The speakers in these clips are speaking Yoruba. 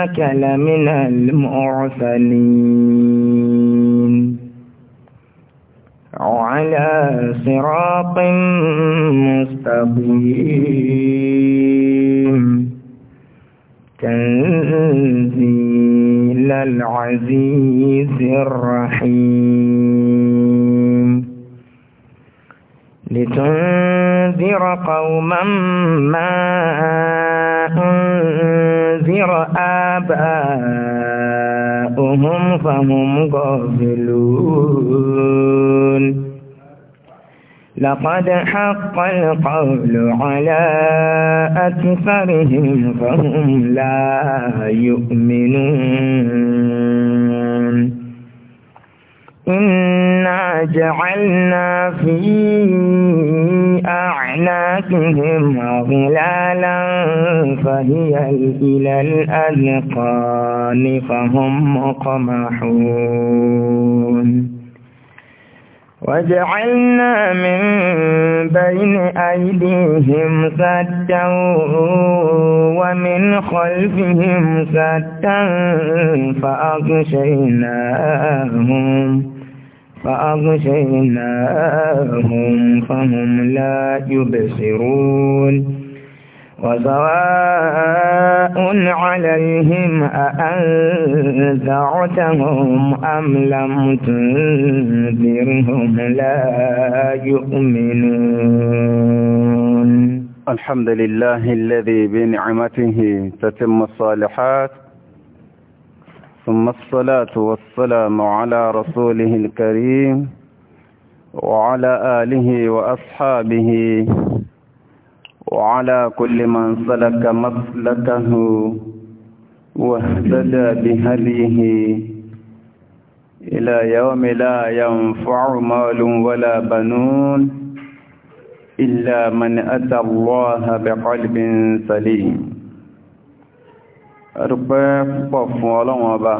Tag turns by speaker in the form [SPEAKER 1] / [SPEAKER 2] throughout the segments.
[SPEAKER 1] إنك لمن المرسلين على صراط مستقيم تنزيل العزيز الرحيم لتنذر قوما ما عذر آباؤهم فهم غافلون لقد حق القول على أكثرهم فهم لا يؤمنون إنا جعلنا في أعناقهم غلالا فهي إلى الأذقان فهم مقمحون وجعلنا من بين أيديهم سدا ومن خلفهم سدا فأغشيناهم فأغشيناهم فهم لا يبصرون وسواء عليهم أأنذرتهم أم لم تنذرهم لا يؤمنون
[SPEAKER 2] الحمد لله الذي بنعمته تتم الصالحات ثم الصلاة والسلام على رسوله الكريم وعلى آله وأصحابه وعلى كل من سلك مسلكه واهتدى بهديه إلى يوم لا ينفع مال ولا بنون إلا من أتى الله بقلب سليم Ẹ̀rùpẹ́ púpọ̀ fún ọlọ́run ọba.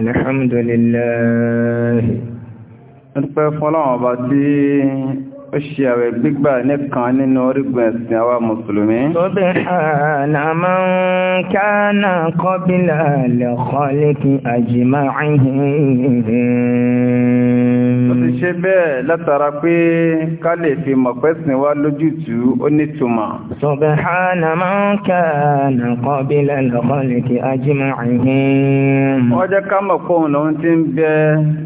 [SPEAKER 2] Alhamdulillah. Ẹ̀rùpẹ́ fún ọlọ́run ọba tí ó ṣe àwẹ̀ gbígbà nìkan nínú orígun ẹ̀sìn àwa mùsùlùmí. Tọ́bẹ̀
[SPEAKER 1] àná máa ń káànà kọ́bílà lẹ́kọ́ lékì àjìmá ìhìnrìn.
[SPEAKER 2] Ó ti fi mọ̀pẹ́sìn wá lójútùú ó nítumọ̀. àjìmá ìhìnrìn. Wọ́n ká mọ̀ pé òun lòun ti ń bẹ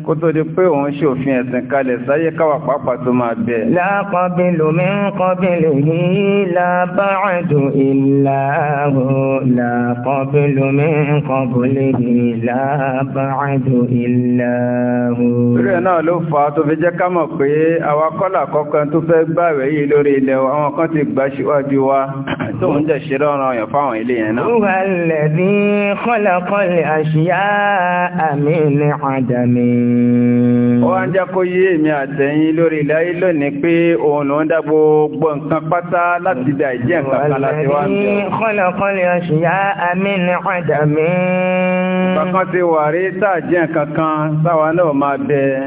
[SPEAKER 2] kó tó di pé òun ṣe òfin ẹ̀sìn kalẹ̀ sáyé káwà pàápàá tó máa bẹ̀. لا
[SPEAKER 1] قبل من قبله لا بعد إلا هو لا قبل من قبله لا بعد إلا هو rẹ̀ náà ló
[SPEAKER 2] fà tó fi jẹ́ ká mọ̀ pé àwa kọ́là kọ̀ọ̀kan tó fẹ́ gbààwẹ̀ yìí lórí ilẹ̀ wa àwọn kan ti gbà síwájú wa tó ń jẹ́ ṣe rọrùn ọ̀yàn fáwọn ilé yẹn náà. Huwa
[SPEAKER 1] alladhi khalaqal ashya'a min 'adamin. ó wá ń jẹ́
[SPEAKER 2] kó yé èmi àtẹ̀yìn lórí ilẹ̀ ayé lónìí pé pé òun ló ń dá gbogbo nǹkan pátá láti dá ìjẹ́ nǹkan kan láti wá ń bẹ̀rẹ̀.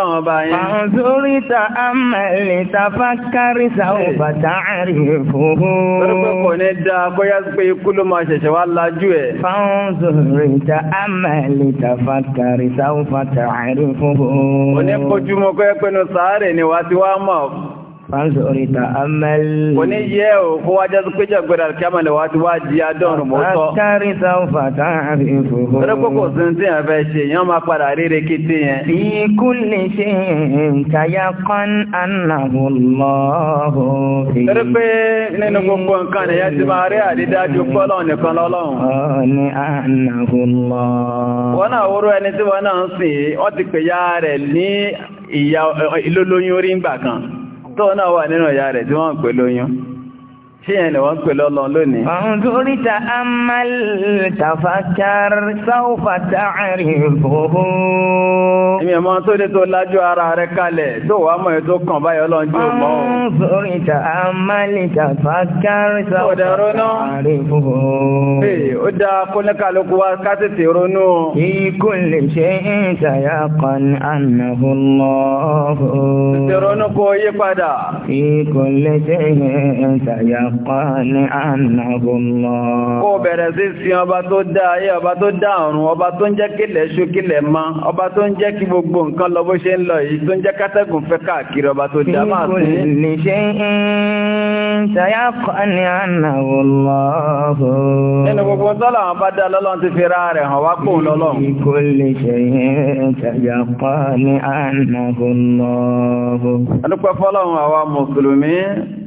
[SPEAKER 2] ọlọ́run bá yẹn.
[SPEAKER 1] Fàǹsórí ta àmàlè ta fákárí sàúbà táàrí fòhó.
[SPEAKER 2] Lọ́pẹ́ kò ní dá kóyá pé ikú ló máa
[SPEAKER 1] ṣẹ̀ṣẹ̀ ta àmàlè ta fákárí sàúbà táàrí fòhó. Oníkojúmọ́ kọ́ ẹ
[SPEAKER 2] pẹ́nu ni wá ti wá mọ̀
[SPEAKER 1] fáńsì oríta amẹ́lì. kò ní yẹ
[SPEAKER 2] o kó wá jẹ́ pé jẹ́ gbẹ́dà kíámà lè wá ti wá di adọ́rùn mọ́ sọ.
[SPEAKER 1] àtàrí sáfà táàrí fòfò. torípò kò sí tí
[SPEAKER 2] yẹn fẹ́ ṣe yẹn máa padà rere kété yẹn. bí
[SPEAKER 1] kú lè ṣe kàyà kan ànàwó lọ́hùn. torí pé nínú gbogbo nǹkan nìyẹn ti máa rí àdídájú pọ́lọ̀ nìkan lọ́lọ́run. ọ̀ọ́ni ànàwó lọ. wọ́n
[SPEAKER 2] náà wúrú ẹni tí wọ́n náà ń sìn wọ́n ti pè ya rẹ̀ ní ìyá ìlólóyún orí ń gbà kan tó náà wà nínú ìyá rẹ̀ tí wọ́n pẹ̀lú oyún tí yẹn ni wọ́n ń pè lọ́lọ́ lónìí.
[SPEAKER 1] ọ̀dúnrí ta amal tafakar sáwùfà dáhàrí gbogbo. èmi
[SPEAKER 2] ọmọ tó ní tó lájú
[SPEAKER 1] ara rẹ kalẹ̀
[SPEAKER 2] tó wàá mọ̀ ètò kan báyọ̀ lọ́n jù mọ́.
[SPEAKER 1] ọ̀dúnrí ta amal tafakar sáwùfà dáhàrí
[SPEAKER 2] gbogbo. ó dá kóníkàlùkù wa ká tètè
[SPEAKER 1] ronú. ikú lè ṣe ń ṣàyà kan ànáhùn lọ́hùn. tètè ronú
[SPEAKER 2] kó yí padà.
[SPEAKER 1] ikú lè ṣe ń kan. Kó
[SPEAKER 2] bẹ̀rẹ̀ sí sin ọba tó dá ayé, ọba tó dá ọ̀run, ọba tó ń jẹ́ kílẹ̀ ṣú kílẹ̀ ma, ọba tó ń jẹ́ kí gbogbo nǹkan lọ bó ṣe ń lọ yìí, tó ń jẹ́ kátẹ́gùn fẹ́ káàkiri ọba tó dá máa sí.
[SPEAKER 1] Ní ṣe ń tayá kọ́ ní ànàwò lọ́hù. Nínú gbogbo
[SPEAKER 2] tọ́lọ̀ àwọn ti fi ra rẹ̀ hàn wá pò lọ́lọ́n. Kó lè ṣe ń tayá kọ́ ní ànàwò lọ́hù. Adúpẹ́ fọ́lọ́run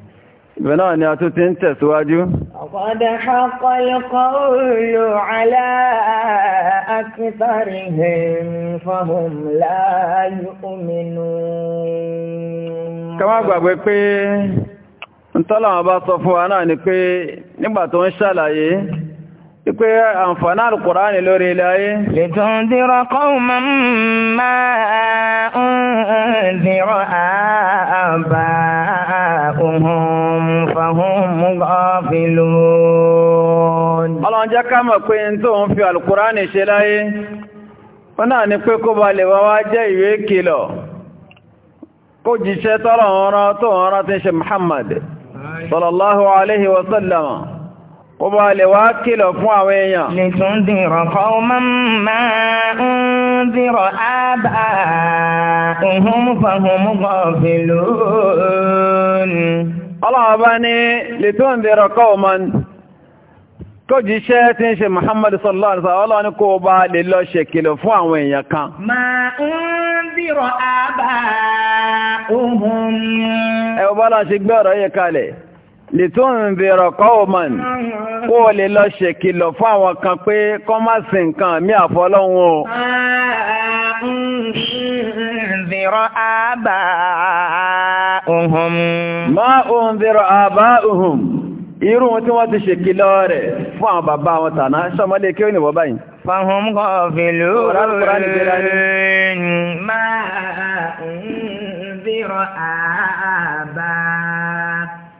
[SPEAKER 2] بناء نعتوتين تسواجو
[SPEAKER 1] قد حق القول على أكثرهم فهم لا يؤمنون
[SPEAKER 2] كما gbàgbé pé ń tọ́lọ̀ àwọn bá sọ fún wa náà ni pé nígbà tó ń ṣàlàyé Ipe àǹfààní alùkùránì lórí ilé ayé. Lè tó ń dírọ
[SPEAKER 1] kọ́ùmọ̀ máa ń dírọ àbá ohun fàhún gọ́ọ̀fìlú.
[SPEAKER 2] Ọlọ́njẹ́ ká mọ̀ pé ń tó ń fi alùkùránì ṣe láyé. Ó náà ni pé kó ba lè wá wá jẹ́ ìwé kìlọ̀. Kó jíṣẹ́ tọ́lọ̀ ọ̀rọ̀ tó ọ̀rọ̀ ti ṣe Muhammad. Sallallahu
[SPEAKER 1] kó bá lè wá kìlọ̀ fún àwọn èèyàn. lè tún dìrọ̀ kọ́ máa ń dìrọ̀ ábà ìhun fàhùn gọ̀ọ̀fẹ̀
[SPEAKER 2] ọlọ́wọ́ bá ní lè tún dìrọ̀ kọ́ máa kó jíṣẹ́ tí ń ṣe Muhammadu sallallahu alaihi wasallam ọlọ́ni kó bá
[SPEAKER 1] ma ń dìrọ̀ ábà ohun.
[SPEAKER 2] ẹ̀wọ̀ bá lọ ṣe lè tó kó o lè lọ ṣèkìlọ̀ fún àwọn kan pé kọ́ má sí nǹkan mí àfọlọ́hun o.
[SPEAKER 1] Bèrọ àbá
[SPEAKER 2] àbá ohun. Irú wọn tí wọ́n ti ṣèkìlọ̀ rẹ̀ fún àwọn bàbá wọn tàná ṣọmọlé kí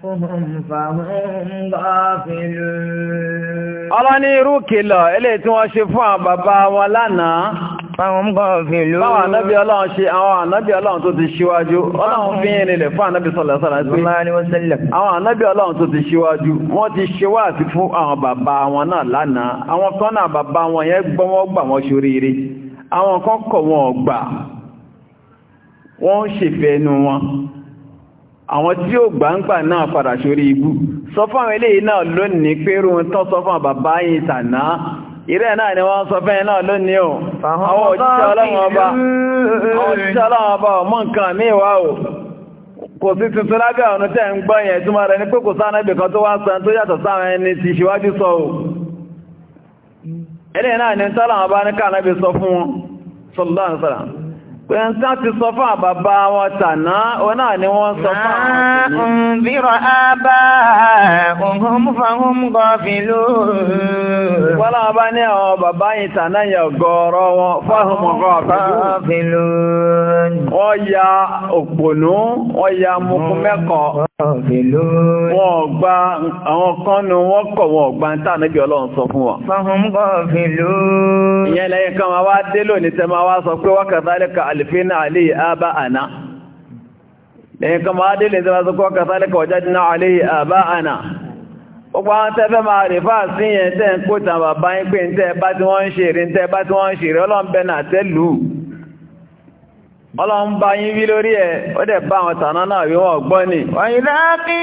[SPEAKER 1] حقهم فهم غافلون
[SPEAKER 2] ọlọ́ni irú kìlọ̀ ilé tí wọ́n ṣe fún àwọn bàbá wọn lánàá fáwọn gọ́ọ̀fìlú ọlọ́run ṣe àwọn ànábí ọlọ́run tó ti ṣíwájú ọlọ́run fi fún àwọn ọlọ́run tó ti ṣíwájú wọ́n ti fún àwọn bàbá wọn náà lánàá àwọn bàbá àwọn tí ó gbàǹgbà náà padà sórí ibú sọ fún àwọn eléyìí náà lónìí pé rún tán sọ fún àbàbá yìí tàná ìrẹ́ náà ni wọ́n sọ fẹ́yìn náà lónìí ọ̀ àwọn òjíṣẹ́ ọlọ́run ọba àwọn òjíṣẹ́ ọlọ́run ọba ọmọ nǹkan míwá ò kò sí tuntun lábẹ́ ọ̀nà tẹ́ ń gbọ́ yẹn túnmọ̀ rẹ̀ ní pé kò sáà nẹ́bì kan tó wá san tó yàtọ̀ sáwọn ẹni tí ṣíwájú sọ ò ẹlẹ́yìn náà ni tọ́lọ̀ ọba ní káà nẹ́bì sọ fún wọn sọlọ́run sọlọ́run Pẹ̀ntá ti sọ fún àbàbá wọn tàná, wọn náà ni wọ́n sọ fún àwọn ọmọ. Ń bírọ̀ ábá ọ̀hún fàhún gọ́ọ̀fì lóòrùn. Wọ́n náà bá ní àwọn bàbá yìí Wọ́n gba àwọn kan ní wọ́n kọ̀ wọ́n gba ń tàà níbi ọlọ́run sọ fún wọn.
[SPEAKER 1] Fọ́hún gọ́ fi
[SPEAKER 2] Ìyẹn kan wá dé lónìí tẹ máa wá sọ pé wọ́n kàtàlẹ́kà àlìfínà àbá àná. Lẹ́yìn kan máa dé lónìí tẹ máa sọ pé wọ́n kàtàlẹ́kà ọjá ọlọ́run bá yín wí lórí ẹ̀ ó dẹ̀ bá àwọn tàná náà wí wọ́n gbọ́ ni. ọ̀yìnbá
[SPEAKER 1] bí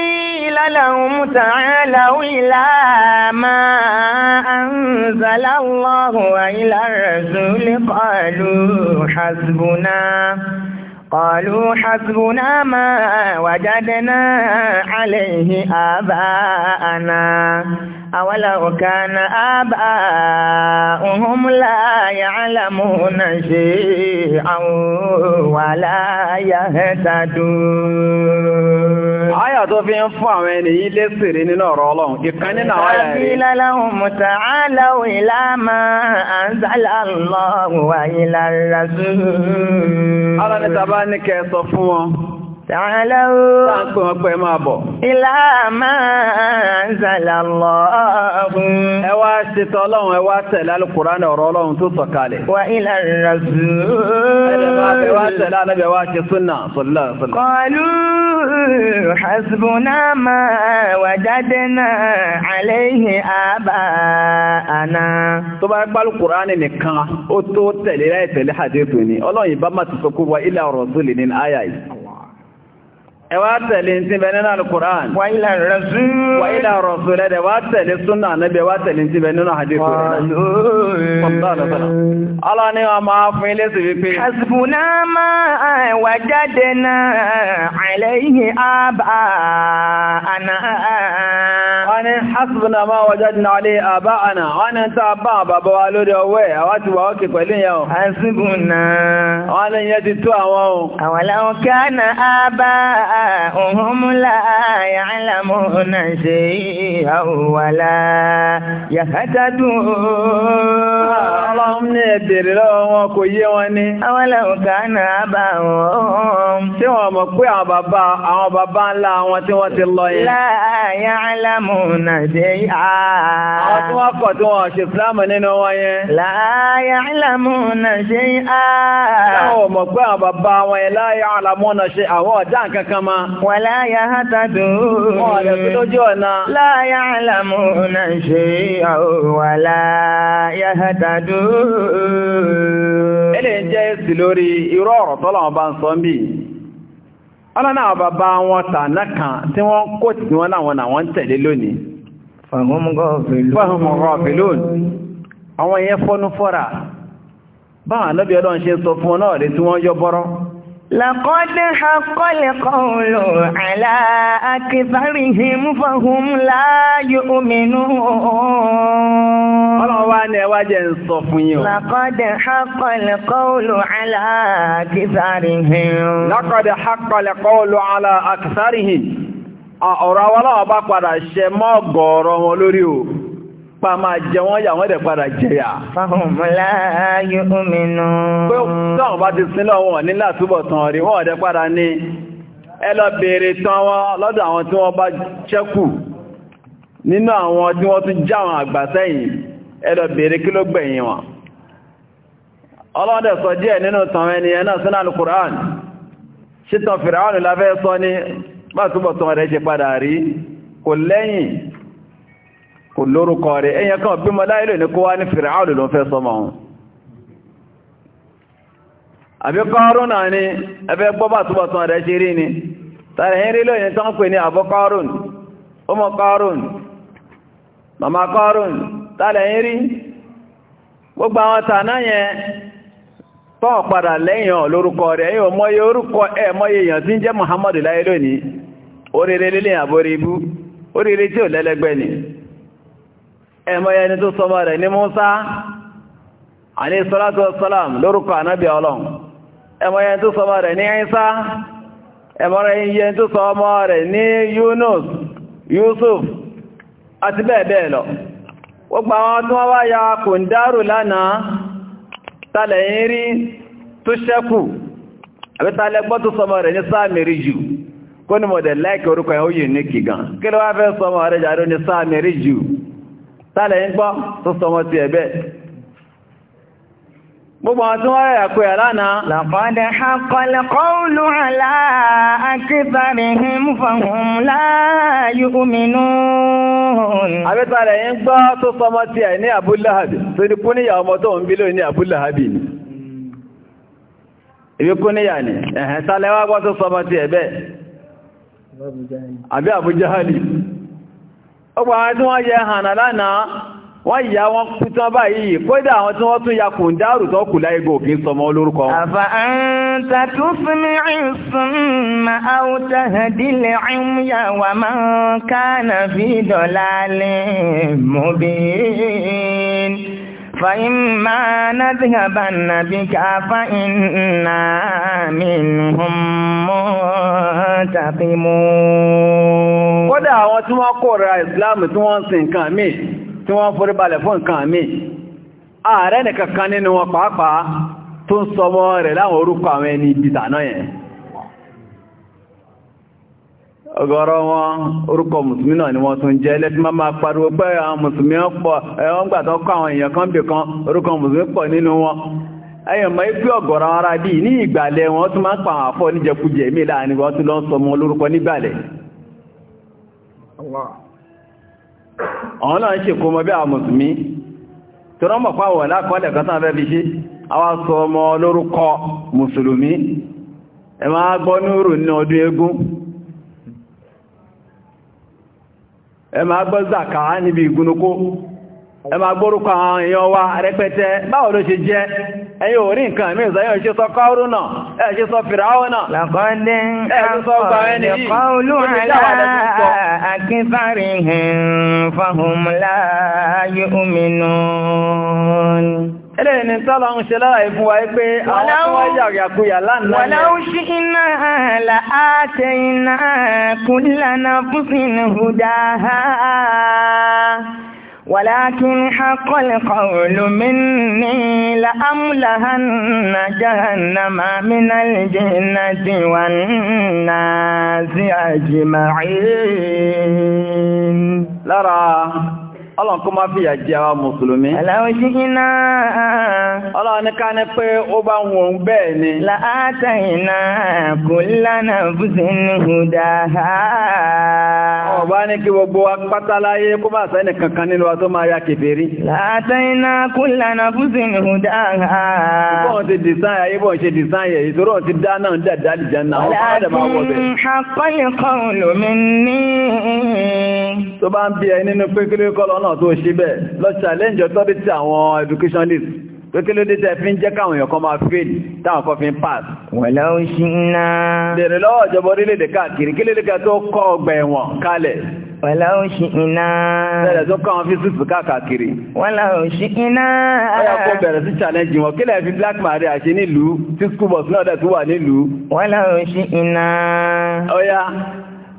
[SPEAKER 1] lọ́lọ́run
[SPEAKER 2] tààlà wílá máa ń zàláwọ̀hùn àyílá
[SPEAKER 1] قالوا حسبنا ما وجدنا عليه آباءنا àwọ́lá ọ̀gá na àbá ọ̀hún láàyà alámúnà ṣe àwọn wà láàyà ẹ́tàdù.
[SPEAKER 2] Ayà tó fi ń fún àwọn ènìyàn ilé sèrè nínú ọ̀rọ̀ ọlọ́run, ìkan nínú àwọn ayà rẹ̀. Ìlà láhùn
[SPEAKER 1] mùtà áláwò ìlà máa àǹsálà lọ́wọ́ ìlà rẹ̀ Tààlẹ́wò.
[SPEAKER 2] Táàpẹ́ wọn pẹ́ máa bọ̀. Ìlà máa ń zàlà lọ. Ẹ wá ṣetọ́ ọlọ́run, ẹ wá tẹ̀lé alùkùránì ọ̀rọ̀ ọlọ́run tó sọ̀kalẹ̀. Wà ìlà rẹ̀sù. Ẹ wá tẹ̀lé alábẹ̀ wá ṣe súnà sọ̀lá sọ̀lá.
[SPEAKER 1] Kọlu hasbuna ma wajadna alayhi
[SPEAKER 2] aba'ana. Tó bá ẹwà tẹ̀lé tí bẹ nínú alkùnrán wà ilẹ̀ rọ̀sùn lẹ́dẹ̀ wà tẹ̀lé súnà níbi wà tẹ̀lé tí bẹ nínú àdíkù ọlọ́ ni wọ́n máa
[SPEAKER 1] fún ilé sí wípé hasbuna ma wajadna alayhi aba'ana wọ́n ni hasbuna ma wọ́n
[SPEAKER 2] ni tá bá wà ókè pẹ̀lú
[SPEAKER 1] هم لا يعلمون شيئا ولا يهتدون Ọlọ́run ní ẹ̀bẹ̀rẹ̀ lọ́wọ́ wọn
[SPEAKER 2] kò yé wọn ní. Àwọn lẹ́wọ̀ká náà bá wọn. Tí wọ́n mọ̀ pé àwọn bàbá àwọn bàbá ńlá wọn tí wọ́n ti lọ yẹn. Láàyà alámùnà ṣe yá.
[SPEAKER 1] Àwọn tí wọ́n kọ̀ tí
[SPEAKER 2] wọ́n ṣe fúlámù nínú wọn yẹn.
[SPEAKER 1] Láàyà alámùnà ṣe yá. Táwọn
[SPEAKER 2] mọ̀ pé àwọn bàbá wọn yẹn láàyà alámùnà ṣe àwọn ọ̀dá nǹkan kan ma.
[SPEAKER 1] Wàlá ya ha ta dùn. Ọ̀rẹ́ tó lójú ọ̀nà. Láyà àlàmú náà ṣe wàlá ya ha ta dùn.
[SPEAKER 2] jẹ́ lórí irú ọ̀rọ̀ tọ́lọ̀ ọba ń sọ bí. Ọlọ́nà àwọn kan tí wọ́n tí wọ́n náà wọ́n tẹ̀lé lónìí. Àwọn ìyẹn fọ́nú fọ́ra. Báwọn àlọ́bí ọlọ́run ṣe sọ fún ọ náà tí
[SPEAKER 1] لقد حق القول على أكثرهم فهم لا يؤمنون ọlọ́wọ́ wa ní ẹwà jẹ́ ń sọ fún yín o. لقد حق القول على
[SPEAKER 2] أكثرهم. لقد حق القول على أكثرهم. ọ̀rọ̀ àwọn ọlọ́wọ́ bá padà ṣẹ mọ́ ọ̀gọ̀ọ̀rọ̀ wọn lórí o. pa máa jẹ wọ́n yà wọ́n dẹ̀ padà jẹyà. fahumla yu'minu. pé tọ́wọ́n bá ti sin lọ́wọ́ ní látúbọ̀ tán rí wọ́n dẹ̀ padà ní ẹ lọ béèrè tán wọn lọ́dọ̀ àwọn tí wọ́n bá ṣẹ́kù nínú àwọn tí wọ́n tún já àwọn àgbà sẹ́yìn ẹ lọ béèrè kí ló gbẹ̀yìn wọn. ọlọ́dẹ̀ sọ díẹ̀ nínú tàn ẹni náà sínú alukur'an ṣítan fìràwọn láfẹ́ sọ ní bá rẹ̀ ṣe padà rí kò lẹ́yìn kò lórúkọ rẹ̀ ẹ̀yẹn kan bí mọ́ láìlò ní kó wá ní fìràáàlù ló fẹ́ sọmọ ohun àbí náà ni ẹgbẹ́ gbọ́bà túbọ̀tún rẹ̀ ṣe rí ni tàbí henry lóyìn tán pè ní àbórí ibú tí ò lẹ́lẹ́gbẹ́ ni ẹmọ ẹni tó sọmọ rẹ̀ ní Musa alayhi salatu wassalam lórúkọ ànábì ọlọ́run ẹmọ ẹni tó sọmọ rẹ̀ ní Isa ẹmọ ẹni tó sọmọ rẹ̀ ní Yunus Yusuf àti bẹ́ẹ̀ bẹ́ẹ̀ lọ gbogbo àwọn tí wọ́n wá ya kò ń dárò lánàá tàlẹ̀ yìí rí tó ṣẹ́kù àbí tàlẹ̀ gbọ́ tó sọmọ rẹ̀ ní sáàmìrí jù kó ní mọ̀dẹ̀ láìkẹ̀ orúkọ ẹ̀ ó tálẹ̀ ń gbọ́ tó sọmọ ti ẹ̀bẹ́ gbogbo àwọn wọ́n
[SPEAKER 1] rẹ̀ àkó ẹ̀ lánàá làkọ́dẹ̀ àkọlẹ̀kọ́ọ̀lù aláàkífàrìhìn fọ̀hùn láàáyù òmìnú
[SPEAKER 2] ní níyà ni ẹ̀hẹ̀ sọmọ ti ẹ̀ àbí ọgbà àwọn tí wọ́n yẹ hànà lánàá wọ́n yà wọn kú tán báyìí kódà àwọn tí wọ́n tún ya kùn dárù tó kù láìgbò kí n sọmọ olórúkọ wọn.
[SPEAKER 1] فإما نذهبن بك فإنا منهم منتقمون
[SPEAKER 2] kódà àwọn tí wọ́n kórìíra ìsìláàmù tí wọ́n ń sin nǹkan míì tí wọ́n forí balẹ̀ fún nǹkan míì ààrẹ nìkankan nínú wọn pàápàá tó ń sọmọ rẹ̀ láwọn orúkọ àwọn ẹni ìbìtà yẹn ọgọrọ wọn orúkọ mùsùlùmí náà ni wọ́n tún jẹ́ lẹ́tí máa máa pariwo pé àwọn mùsùlùmí pọ̀ ẹ̀wọ́n gbà tó àwọn èèyàn kan bì kan orúkọ mùsùlùmí pọ̀ nínú wọn ẹ̀yàn mọ̀ pé ọ̀gọ̀rọ̀ ara bí ní ìgbàlẹ̀ wọn tún máa ń pa àwọn níjẹkújẹ mí wọn tún lọ sọ ọmọ olórúkọ nígbàlẹ̀ àwọn náà ń tí wọ́n mọ̀ lákọọ́lẹ̀ kan ẹ máa gbọ́ zaka níbi ìgúnnukó ẹ máa èèyàn wa rẹpẹtẹ báwo ló ṣe jẹ́ ẹ̀yin ò rí nǹkan mí ìsáyẹ̀ ṣe sọ kọ́rù náà ẹ̀ sọ fìràwọ̀ náà lọ́kọ́dẹ́ akọ́lù
[SPEAKER 1] àlá ẹlẹ́ni tọ́lọ ń ṣe lára ìfún wa pé àwọn tó wá yàrìyàkúyà lánàá wọ́n láwọ́ ṣe iná àlà àtẹ iná kú lánà fún sínú hudáhá ولكن حق القول مني لأملهن جهنم من الجنة والناس أجمعين لرى Ọlọ́run
[SPEAKER 2] kó má fi yà jẹ àwọn mùsùlùmí. Aláwọ̀ jígínà. Ọlọ́run ní ká ní pé ó bá ń wọ̀n bẹ́ẹ̀ ni. Láàtà iná kò lánà búzi ní ìdá. Ọba ní kí gbogbo wa pátá láyé kó bá sẹ́ni kankan nínú wa tó máa ya kèfèrí. Láàtà iná kò lánà búzi ní ìdá. Bọ́n ti dìsán ayé bọ́n ṣe dìsán yẹ ìṣòro ti dá náà ń dàdá àdìjá náà. Láàtà bá ń bí náà tó ṣe bẹ́ẹ̀ lọ challenge authority àwọn educationalist pé kí ló dé tẹ́ fi ń jẹ́ káwọn èèyàn kan máa fail táwọn kan fi ń pass.
[SPEAKER 1] wọ̀lá ó ṣí ńlá.
[SPEAKER 2] bèrè lọ́wọ́ ìjọba orílẹ̀-èdè káàkiri kí lóde tó kọ́ ọgbà ẹ̀wọ̀n kalẹ̀.
[SPEAKER 1] wọ̀lá ó ṣí ńlá. bẹ̀rẹ̀ tó kọ́ àwọn fíṣùsù káàkiri. wọ̀lá ó ṣí ńlá. ó yà kó
[SPEAKER 2] bẹ̀rẹ̀ sí challenge wọn kí lẹ́yìn black maria ṣe nílùú tí school bus náà dẹ̀ tún wà nílùú. wọ̀lá ó ṣí ńlá. ó yá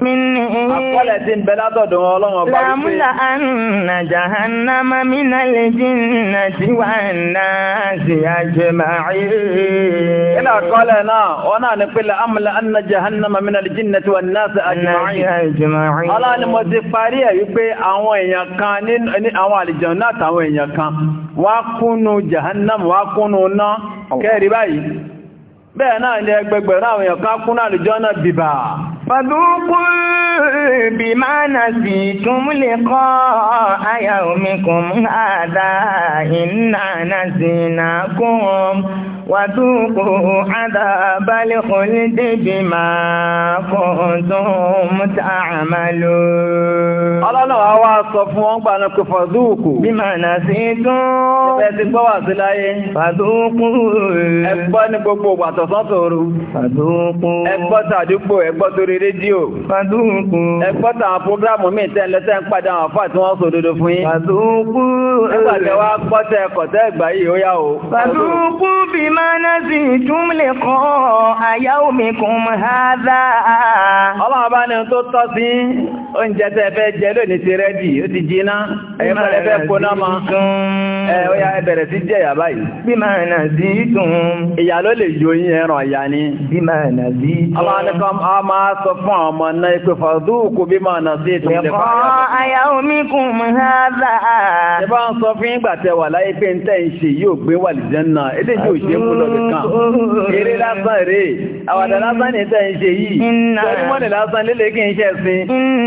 [SPEAKER 2] Àkọọ́lẹ̀ tí ń bẹ látọ̀dọ̀ ọlọ́run ọba wípé. Lámúlà àrùn jahannama mínà lè jìnnà tí wà náà sí ajma'i. Ilé àkọọ́lẹ̀ náà, wọ́n náà ní pé lámúlà àrùn jahannama mínà lè jìnnà tí wà náà sí ajma'i. Ọlá ni mo ti parí ẹ̀ wípé àwọn èèyàn kan ní kẹ́rì báyìí. Bẹ́ẹ̀ náà ni ẹgbẹgbẹ̀rún àwọn èèyàn kan kúnnú àlìjàn náà
[SPEAKER 1] bìbà. فذوقوا بما نسيتم لقاء يومكم هذا إنا نسيناكم وذوقوا عذاب الخلد بما كنتم تعملون ọlọ́nà àwọn aṣọ
[SPEAKER 2] fún wọn gbà náà kò fàdúùkù bí màá nà sí tún ẹgbẹ́ ti gbọ́ wà sí láyé ní gbogbo tòru tàdúgbò torí rédíò. Fàdúnkù. Ẹ gbọ́ta àwọn prógrámù mi tẹ́ lẹ́tẹ́ ń padà àwọn àfáà tí wọ́n sọ òdodo fún yín. Fàdúnkù. Nígbà tẹ́ gbọ́tẹ̀ ẹ̀kọ́ ẹ̀gbà yìí ó yá o.
[SPEAKER 1] Fàdúnkù. بما نسيتم لقاء يومكم هذا
[SPEAKER 2] ọlọ́run bá ní tó tọ́ sí oúnjẹ tẹ́ fẹ́ jẹ lónìí ti rẹ́dì ó ti jiná ẹ̀yẹ́ mọ́lẹ̀ fẹ́ ẹ̀ ó yá ẹbẹ̀rẹ̀ sí jẹ́ ìyà báyìí bima nasitum ìyà ló lè yọ bima nasitum ọlọ́run ní kan a máa sọ fún àwọn ọmọ náà ìpè fàdúùkù bima nasitum lẹ́kọ̀ọ́
[SPEAKER 1] yawmikum hadha
[SPEAKER 2] ìbá ń sọ ò ṣe mú lọ́bì kan. Eré lásán rè é, àwàdà lásán ní tẹ́ ń ṣe yìí. Sọ́dúnmọ́nì lásán lélè kí n ṣe sin.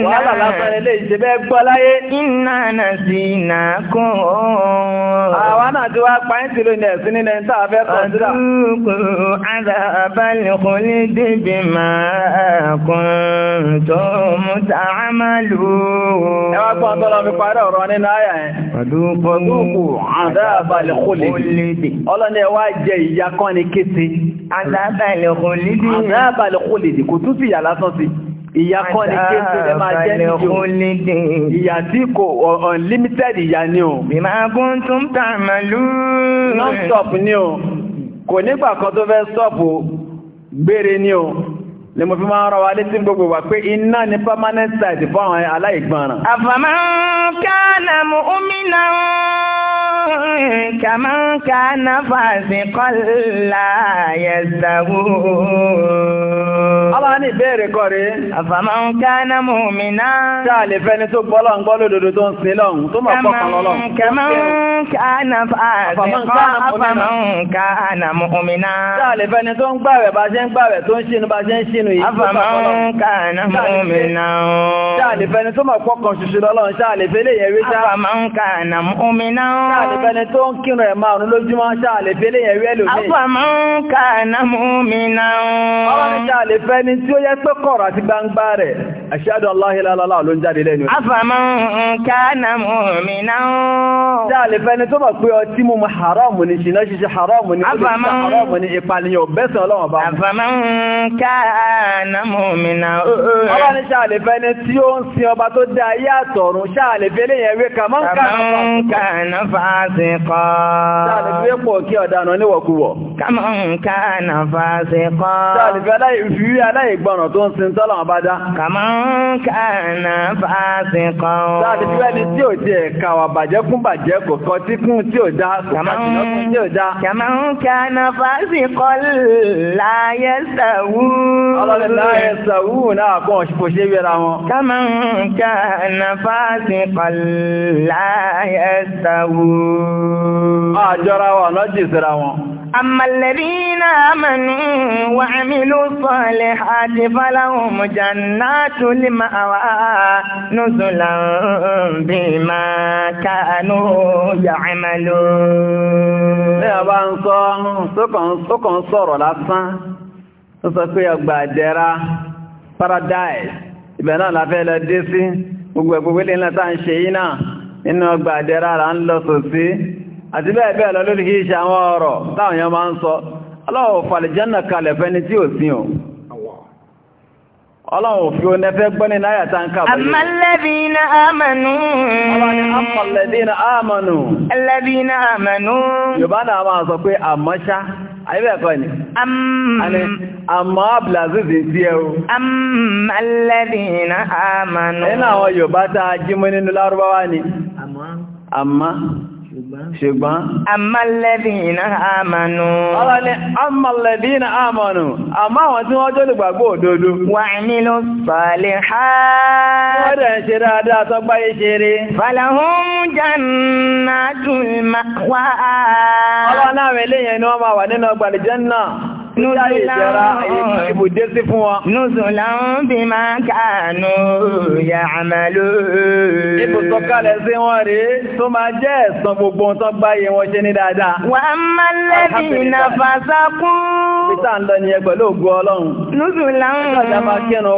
[SPEAKER 2] Wàhálà lásán lélè ṣe bẹ́ẹ̀ gbọ́ láyé. Iná náà sí iná kún. Àwa náà ti wá pa ẹ́ńtì lónìí ẹ̀sìn nílẹ̀ ní
[SPEAKER 1] tàbí ẹ̀kọ́ ìdúrà. Àdúgbò àdàbálẹ̀ kò ní débi máa kún tó mú ta àmàlù. Ẹ wá gbọ́n tọ́lọ́ fi parí ọ̀rọ̀ nínú àyà yẹn.
[SPEAKER 2] Àdúgbò àdàbálẹ̀ kò lè dé. Ọlọ́ni ẹ wá jẹ ìyà kan ní kése adábàlẹ̀ kòlìdì kò tún sí ìyà lásán sí ìyà kan ní kése lẹ máa jẹ́ níjò ìyà tí kò unlimited ìyà ni o non-stop ni o kò nígbà kan tó fẹ́ stop gbére ni o ni mo fi máa ń rọ wa létí gbogbo wa pé iná ni permanent site fún àwọn aláìgbọràn.
[SPEAKER 1] àfàmọ́ kánà mú umínà kàmá kánà fàṣíkọ́lá yẹ̀sàwó. ọlá ní
[SPEAKER 2] ìbéèrè kọ́ rí. àfàmọ́ kánà mú umínà. káà lè fẹ́ni tó gbọ́lọ̀ ń gbọ́ lódodo tó ń sin lọ́hùn tó mọ̀ pọ̀ kan lọ́lọ́. kàmá
[SPEAKER 1] kánà fàṣíkọ́lá yẹ̀sàwó. káà lè fẹ́ni tó
[SPEAKER 2] ń gbàwẹ̀ bá ṣe ń gbàwẹ̀ tó ń ṣe nínú yìí. Afàmọ́ kàánà mọ́mìnà. Ṣáàlì fẹni tó mọ̀ pọ́kàn ṣoṣo lọ́lọ́run ṣáàlì fẹ́lẹ̀ yẹn rí sáà. Afàmọ́ kàánà mọ́mìnà. Ṣáàlì fẹni tó ń kírun ẹ̀ márùn lójúmọ́ ṣáàlì fẹ́lẹ̀ yẹn rí ẹlòmíì. Afàmọ́ kàánà mọ́mìnà. Ọwọ́ ni ṣáàlì fẹni tí ó yẹ pé kọ̀rọ̀ àti gbangba rẹ̀. Ashhadu an la ilaha illallah ló ń jáde lẹ́nu. Afàmọ́
[SPEAKER 1] kàánà mọ́mìnà. Ṣáàlì
[SPEAKER 2] fẹni tó mọ̀ pé ọtí mímu haramu ni ṣìnà ṣíṣe haramu ni ó lè ṣe haramu ni ìpànìyàn ọ̀bẹ́sàn ọlọ́wọ̀n bá. Afàmọ́ kàánà kana mu'mina ooo. ọba ní ṣáàlẹ̀ fẹ́ ni tí ó ń sin ọba tó dá ayé àtọ̀run ṣáàlẹ̀ fẹ́ lè yẹn wé kàmọ́ kana fasiqa. ṣáàlẹ̀ fẹ́ pọ̀ kí ọ̀daràn níwọ̀kuwọ̀. kàmọ́ kana fasiqa. ṣáàlẹ̀ fẹ́ aláìfíwí aláìgbọràn tó ń sin tọ́lọ̀ ọba dá. kàmọ́ kana fasiqa. ṣáàlẹ̀ fẹ́ ni tí ò tiẹ̀ kàwà bàjẹ́ kún bàjẹ́ kò kọ́ tí kún tí ò dá kò má jìnnà kún tí ò dá. kàmọ́ kana fasiqa la yastawu. Ọlọ́run láyé sàwú náà kọ́
[SPEAKER 1] òṣìkò ṣe wẹ́ra wọn. Kàmọ̀ǹkà nàfàásì pàláyé sàwú. Àjọra wọn lọ́jì síra wọn. أما الذين آمنوا وعملوا الصالحات فلهم جنات المأوى نزلا بما كانوا يعملون. Ní àbá ń sọ,
[SPEAKER 2] tó kàn sọ̀rọ̀ lásán. tó sọ pé ọgbà àdẹ́ra paradise ibẹ̀ náà láfẹ́ lọ dé sí gbogbo ẹ̀gbogbo ilé ńlá tá ń ṣe yìí náà nínú ọgbà àdẹ́ra rà ń lọ sí, àti bẹ́ẹ̀ bẹ́ẹ̀ lọ lórí ṣe àwọn ọ̀rọ̀ táwọn èèyàn máa ń sọ ọlọ́wọ̀ ọlọ́run fi o nẹfẹ́ gbọ́ ní náyà tá ń kàbàlẹ̀.
[SPEAKER 1] na àmànú. àmàlẹ́bìnà àmànú. ẹlẹ́bìnà àmànú. yorùbá náà máa sọ pé
[SPEAKER 2] àmọ́ṣá àyíbẹ̀ẹ̀kọ́ ni àmọ́ àbìlàzìzì tí ẹ o àmàlẹ́dìnà àmànù ẹ̀nà àwọn Yorùbá tá a jí mọ́ nínú lárúbáwá ni àmọ́ ṣùgbọ́n amálẹ́bìnà àmànù ọlọ́ ni amálẹ́bìnà àmànù àmá àwọn tí wọ́n jọ lè gbàgbọ́ òdodo wà
[SPEAKER 1] nínú sọ̀lẹ̀ ha ọdẹ̀ ṣe dáadáa sọgbáyé ṣeré falahun jannatun ma'wa ọlọ́ náà rẹ̀ lẹ́yìn ni wọ́n máa wà nínú jannah Nùzùlá ń bí máa kàánú ya àmàlò. Ibùsọ̀kalẹ̀
[SPEAKER 2] sí wọn rí tó máa jẹ́ ẹ̀san gbogbo tó gbáyé wọn ṣe ní dáadáa. Wà má lẹ́bí na fàṣákún. Títà ń lọ ní ẹgbẹ̀ lóògbò ọlọ́run. Nùzùlá ń máa kírun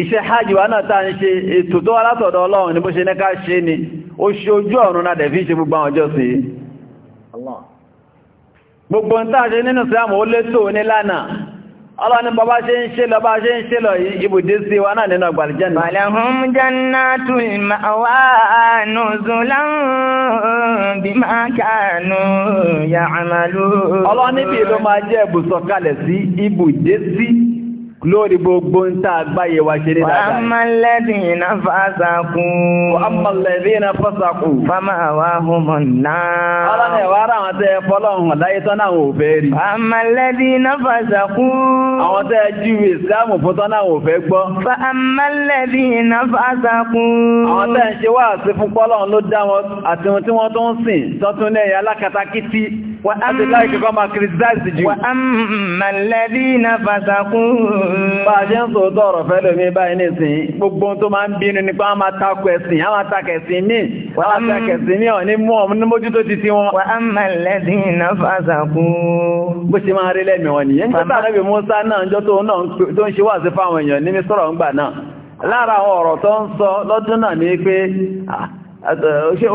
[SPEAKER 2] iṣẹ́ hajj wa náà tàà ń ṣe ètò tó ọlọ́run ní bó ṣe ní ṣe ni ó ṣe ojú ọ̀run náà dẹ̀fí ṣe gbogbo ọjọ́ sí gbogbo ń tàà ṣe nínú ó ní lánàá ọlọ́ni ṣe ń ṣe lọ ṣe ń ṣe lọ ibùdé sí wa náà nínú ọgbà lórí gbogbo ń tàà gbáyé wa ṣe ní dáadáa. Wàá máa lẹ́bí iná fásakú. Wàá máa lẹ́bí iná fásakú. Fama wa hùmọ̀ náà. Ọlọ́run ẹ̀wà ara àwọn tẹ́ fọ́lọ́hùn láyé tán náà ò rí. Wàá máa lẹ́bí iná fásakú. Àwọn tẹ́ jíwì ìsìlámù fún tán náà ò gbọ́.
[SPEAKER 1] Wàá máa lẹ́bí iná fásakú.
[SPEAKER 2] Àwọn tẹ́ ń ṣe wá àti fún pọ́lọ́hùn ló dá wọn àti ohun tí wọ́n tó ń sìn tọ́tún lẹ́yìn alákatakítí. Láti láìkì kọ́ máa kìrìsìtáìsì jù. Wà ámàlẹ́bí na fàtàkù. Bá a ṣe ń sọ tọ́rọ̀ fẹ́lẹ̀ mi báyìí nìsìn, gbogbo tó máa ń bínú nípa a máa takọ ẹ̀sìn, a máa takẹ̀ sí mí, a máa takẹ̀ sí mí ọ̀ ní mú ọmọ na fàtàkù. Bó ṣe máa rí lẹ́mìí wọn nìyẹn. Nígbà tábí Musa náà jọ tó ń ṣe wà sí fáwọn èèyàn ní mi Lára àwọn ọ̀rọ̀ tó ń sọ lọ́dún náà ni pé, ah, ṣé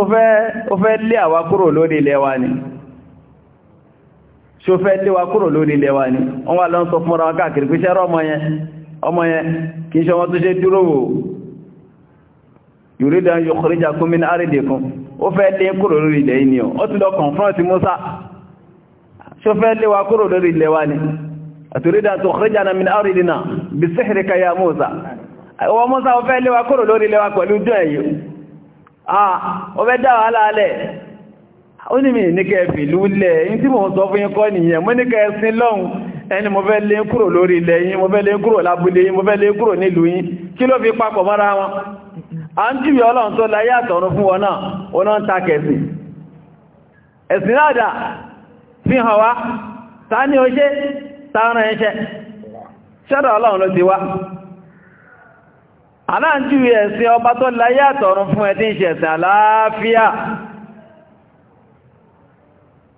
[SPEAKER 2] o fẹ́ lé àwa kúrò lórí ilẹ̀ wa ni? tí ó fẹ́ lé wa kúrò lórí ilẹ̀ wa ni wọ́n wà lọ́n sọ fúnra káàkiri pé ṣẹ́rọ ọmọ yẹn ọmọ yẹn kìí ṣe wọ́n tó ṣe dúró wò yùrídà yóò kọríjà kún mi ní àrídè kan ó fẹ́ lé kúrò lórí ilẹ̀ ni ó ti lọ confront Musa ṣó fẹ́ lé wa kúrò lórí na mi ní ó ní mi ní kẹ́ fìlú lẹ̀ tí sọ fún yín nìyẹn mo ní kẹ́ sin lọ́hùn ẹni mo fẹ́ lé kúrò lórí ilẹ̀ yín mo fẹ́ lé kúrò lábúlé yín mo fẹ́ lé kúrò nílùú yín kí ló fi papọ̀ mọ́ra wọn a ń jùwẹ́ ọlọ́run tó láyé àtọ̀run fún wọn náà ó náà ń ta kẹ̀sì ẹ̀sìn náà dà fi hàn wá ta ní oṣé ta rán ẹṣẹ́ ṣẹ́rọ ọlọ́run ló wá aláàjúwẹ́ ẹ̀sìn ọba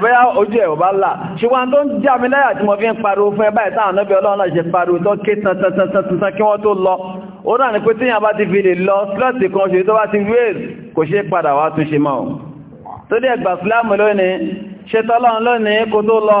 [SPEAKER 2] bóyá ojú ẹ̀ ọba là ṣùgbọ́n tó ń já mi láyà tí mo fi ń pariwo fún ẹbá ìta àwọn ọ̀nàbẹ̀ ọlọ́run náà ṣe pariwo tó ké tantantantantan kí wọ́n tó lọ ó náà ní pé tíyàn bá ti fi lè lọ slọ́ọ̀tì kan ṣe tó bá ti wéèrè kò ṣe padà wá túnṣe mọ́ tó dẹ̀ gbà fúlámù lónìí ṣe tọ́lọ́run lónìí kó tó lọ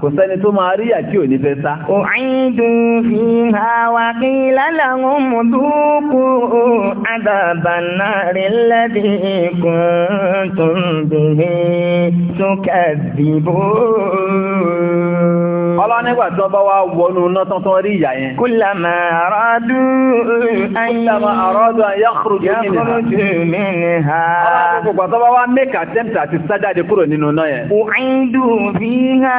[SPEAKER 2] kò sẹ́ni tó máa rí àti òní fẹ́ sá. U'idu
[SPEAKER 1] fiha wa qila lahum dhuqu adhaban nari alladhi kuntum bihi tukadhibun.
[SPEAKER 2] Ọlá nígbà tí wọ́n bá wá wọnú náà tán rí ìyà yẹn. Kullama aradu
[SPEAKER 1] an yakhruju minha.
[SPEAKER 2] Ọlá nígbà tí wọ́n bá wá make attempt àti sájáde kúrò nínú náà yẹn. U'idu
[SPEAKER 1] fiha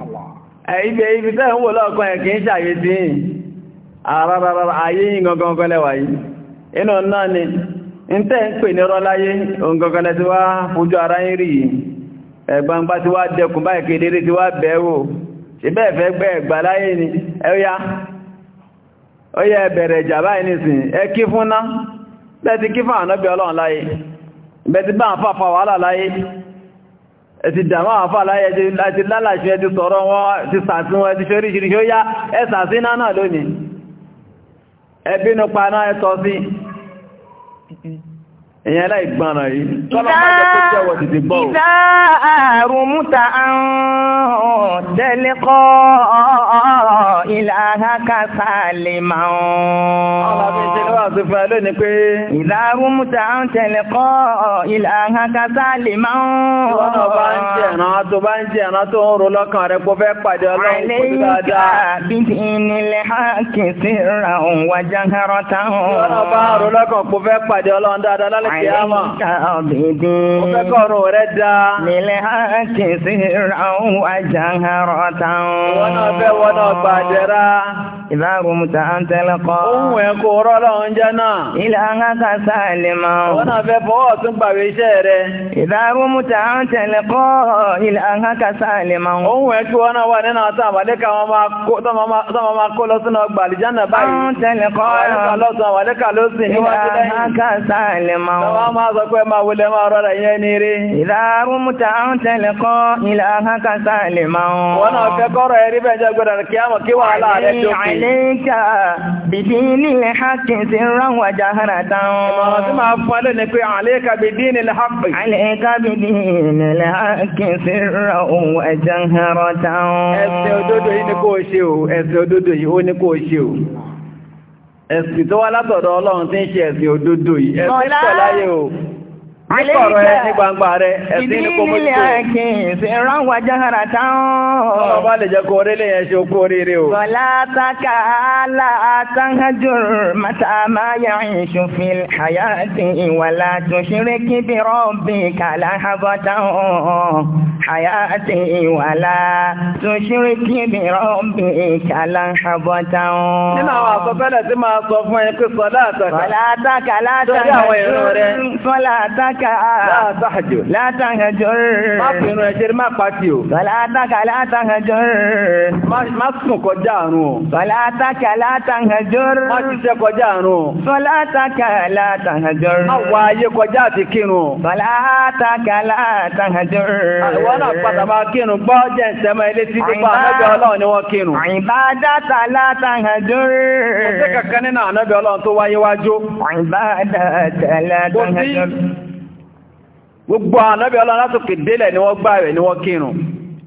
[SPEAKER 2] ibi ibi tẹ́ ń wò lọ́ọ̀kan ẹ̀ kìí ṣàyé tí yìn àrárárá ayé yìn gangan lẹ́wà yìí inú náà ni ń tẹ́ ń pè ní rọ́láyé òǹganganlẹ́ ti wá fojú ara yìí rí ẹ̀gbangba ti wá dẹkùn báyìí kedere ti wá bẹ̀ẹ́wò ṣe bẹ́ẹ̀ fẹ́ láyé ni ẹ̀tì dàmà àfà láyé láti lálàṣẹ́ ti sọ̀rọ̀ wọn ti sàtúnwọ́ ti ṣe oríṣiríṣi ó yá ẹ̀sà sí náà lónìí ẹbínú pa náà ẹ̀tọ́ sí èyàn aláìgbọ́nà yìí tọ́lọ̀ máa jẹ́ kó jẹ́ wọ̀ tètè gbọ́ ìdá
[SPEAKER 1] àrùmúta àrùn tẹ́lẹ́kọ́ ìlàáhàká sáàlè máa ń alábí ìṣẹ́lẹ̀ wà sí fẹ́ pé ìdá àrùmúta àrùn tẹ́lẹ́kọ́ ìlàáhàká sáàlè máa ń wọ́n bá ń
[SPEAKER 2] bá ń jẹ́ ẹ̀nà tó ń ro lọ́kàn rẹ̀ kíámà.
[SPEAKER 1] Mo fẹ́ kọ́ ọ̀rọ̀ rẹ dá. Nílẹ̀ á kì í sí ìràwọ̀ ajá àrọ̀ tán. ń jẹ́ náà. Ilẹ̀
[SPEAKER 2] á ń ká sáàlì mọ́. Wọ́n náà fẹ́ fọwọ́ tún gbàgbé iṣẹ́ rẹ. Ìbáàrò ń tẹ́lẹ̀ kọ́. Ilẹ̀ á ń ká sáàlì mọ́. Ohun kí wọ́n náà wà nínú àtàn àbàdé wọn máa kó lọ sínú ọgbà àlìjáná báyìí. Àwọn tẹ́lẹ̀ kọ́. Àwọn lọ́sàn-án àbàdé ká ló sì níwájú ń ká sáàlì mọ́. Tọ́wọ́ máa sọ pé máa wulẹ̀ máa rọ́rọ̀ yẹn ní rí. Ìlàrú múta ń tẹ̀lé kọ́ ilẹ̀ akákàtà lè máa wọn. Wọ́n náà fẹ́ kọ́rọ̀ ẹ̀rí bẹ́ẹ̀ gbọ́dọ̀ kí á mọ̀ kí wàhálà rẹ̀ tó fi. Àlékà
[SPEAKER 1] bìdí nílé hákì ti rán wà jáhárà táwọn. Ìmọ̀ràn tí máa fún ẹlẹ́ ni pé àlékà bìdí nílé hákì. Àlékà bìdí nílé hákì ti rán wà jáhárà táwọn
[SPEAKER 2] ẹ̀sìn tó wá látọ̀dọ̀ Ọlọ́run tí ń ṣe ẹ̀sìn òdodo yìí ẹ̀sìn pọ̀ láyé o
[SPEAKER 1] Nípọ̀rọ̀ ẹ ní gbangba
[SPEAKER 2] rẹ̀, ẹ̀sìn ní kó mójútó. Ìdí nílé àkè
[SPEAKER 1] ìfẹ́ràn wà jáhara táwọn. Ọlọ́ bá lè jẹ́ kó orílẹ̀ yẹn ṣe okú oríire o. Bọ̀lá Taka Aláàtánhájúr Màtàmá Yàrin Ṣòfin Ìwàlá Tòṣeré Kíbi Rọ́ọ̀bì Kàlá Habọ́táwọn. Hayati Ìwàlá Tòṣeré Kíbi Rọ́ọ̀bì Kàlá Habọ́táwọn. Nínú àwọn àkọ́fẹ́lẹ̀ tí máa sọ fún ẹ látàkà.
[SPEAKER 2] látàjò. látàkàjò. má pinnu ẹ̀jẹ̀ ma pati o. látàkà látàkàjò. má ma kọjá àrùn o. látàkà látàkàjò. má ṣiṣẹ́ kọjá àrùn o. látàkà látàkàjò. má wà ayé kọjá àti kírun o.
[SPEAKER 1] látàkà látàkàjò. àwọn náà padà máa kírun gbọ́ jẹ́ ìṣẹ́mọ ilé tí gbogbo àmọ́jọ ọlọ́run ni wọ́n
[SPEAKER 2] kírun. àyìnbá dáta látàkàjò. kò sí na nínú ànábì ọlọ́run tó wáyé wájú.
[SPEAKER 1] àyìnbá dáta látàkàjò
[SPEAKER 2] gbogbo àwọn anábì ọlọ́run látòkè délẹ̀ ni wọ́n gbààwẹ̀ ni wọ́n kírun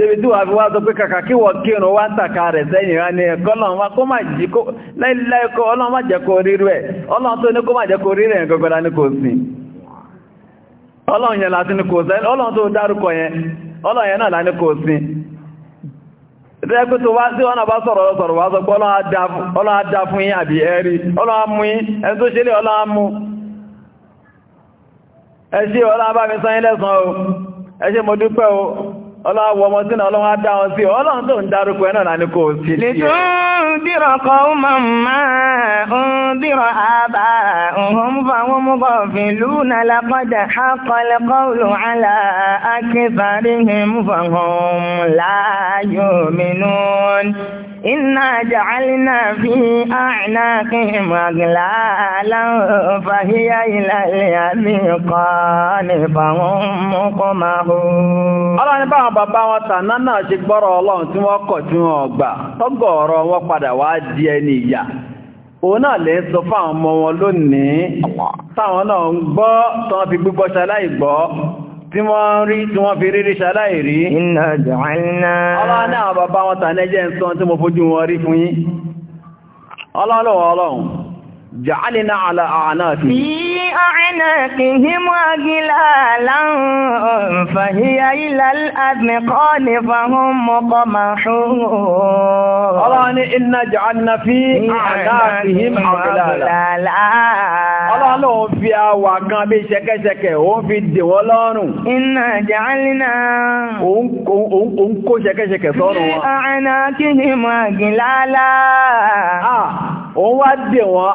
[SPEAKER 2] David wa wà fi wá ka pé kàkà kí wọ́n kírun wá ń tàkà rẹ̀ sẹ́yìn rá ní ẹ̀kọ́ ọlọ́run wá kó má jí kó láìláìkọ́ ọlọ́run má jẹ́ kó rírú ẹ̀ ọlọ́run tó ní kó má jẹ́ kó rírú ẹ̀ gọgbọ́dá ní kò sí ọlọ́run yẹn láti ní kò sí ọlọ́run tó fún sọ o o ọlọ́wọ́ ọmọ sínú ọlọ́wọ́ dá wọn sí ọlọ́run tó ń dárúkọ ẹ̀nà náà ní kò sí sí ẹ̀. dírọ̀ kọ́ ọmọ máa ń dírọ̀ àbá ọ̀hún fáwọn
[SPEAKER 1] mọ́kọ̀ fìlú náà fi àìná kí ìmọ̀gìlá aláwọ̀ fàhíyá ìlàlẹ̀ àbíkọ́ nípa wọn mọ́kọ́ máa báwọn bàbá wọn tàná
[SPEAKER 2] náà ṣe gbọ́rọ̀ ọlọ́run tí wọ́n kọ̀ tí wọ́n gbà tọ́gọ̀ ọ̀rọ̀ wọn padà wá di ẹni ìyà òun náà lè ń sọ fáwọn ọmọ wọn lónìí táwọn náà ń gbọ́ wọ́n fi gbígbọ́ ṣaláì gbọ́ tí wọ́n rí tí wọ́n fi rírí ṣaláì rí ọlọ́run náà bàbá wọn tàná ẹjẹ́ ń sọ tí mo fojú wọn rí fún yín ọlọ́run ọlọ́run جعلنا على أعناقهم في
[SPEAKER 1] أعناقهم أغلالا فهي إلى الأذقان فهم مقمحون الله إنا جعلنا في أعناقهم أغلالا
[SPEAKER 2] الله لو في أواقع بشكة
[SPEAKER 1] شكة هم في الدولان إنا جعلنا أنكو شكة شكة في أعناقهم أغلالا آه هو الدولان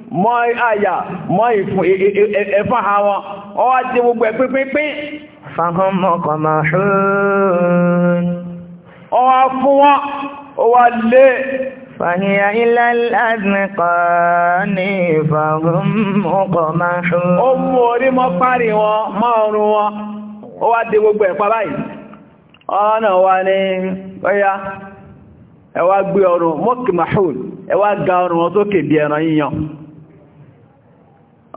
[SPEAKER 2] mọ́ àyà mọ́ ẹ̀fún ha wọn ọ wá ti gbogbo ẹ̀ pínpínpín
[SPEAKER 1] fahọ́mọ́kọ̀ máa ṣùn ọ wá fún wọn ó wá lé fàhíyà ilẹ̀ alẹ́gbẹ̀kọ́ ní fahọ́mọ́kọ̀ máa ṣùn ó mú orí mọ́ wọn mọ́ wọn ó wá
[SPEAKER 2] gbogbo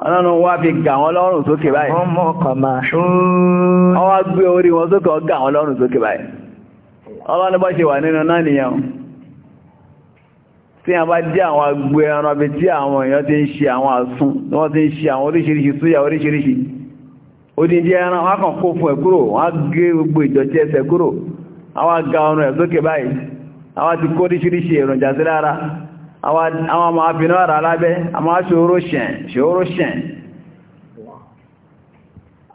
[SPEAKER 2] ọ̀nà wá fi gà wọn lọ́rùn sókè báyìí ọmọ kọmà ṣúúrùn ọwá gbé orí wọn sókè ọgá wọn lọ́rùn sókè báyìí ọlọ́nibọ́ ṣe wà nínú náà nìyàn tí a bá dí àwọn agbó ẹran bí tí àwọn èèyàn ti ń ṣe àwọn àsún tí wọ́n ti ń ṣe àwọn oríṣiríṣi súyà oríṣiríṣi odindi ẹran wọ́n kàn kó fún ẹ̀ kúrò wọ́n gé gbogbo ìdọ̀tí ẹsẹ̀ kúrò àwọn aga ọrùn ẹ̀ sókè báyìí àwọn ti kó oríṣiríṣi èròjà sí àwọn ọmọ abìnú ara alábẹ́ àmọ́ ṣòro ṣẹ̀n ṣòro ṣẹ̀n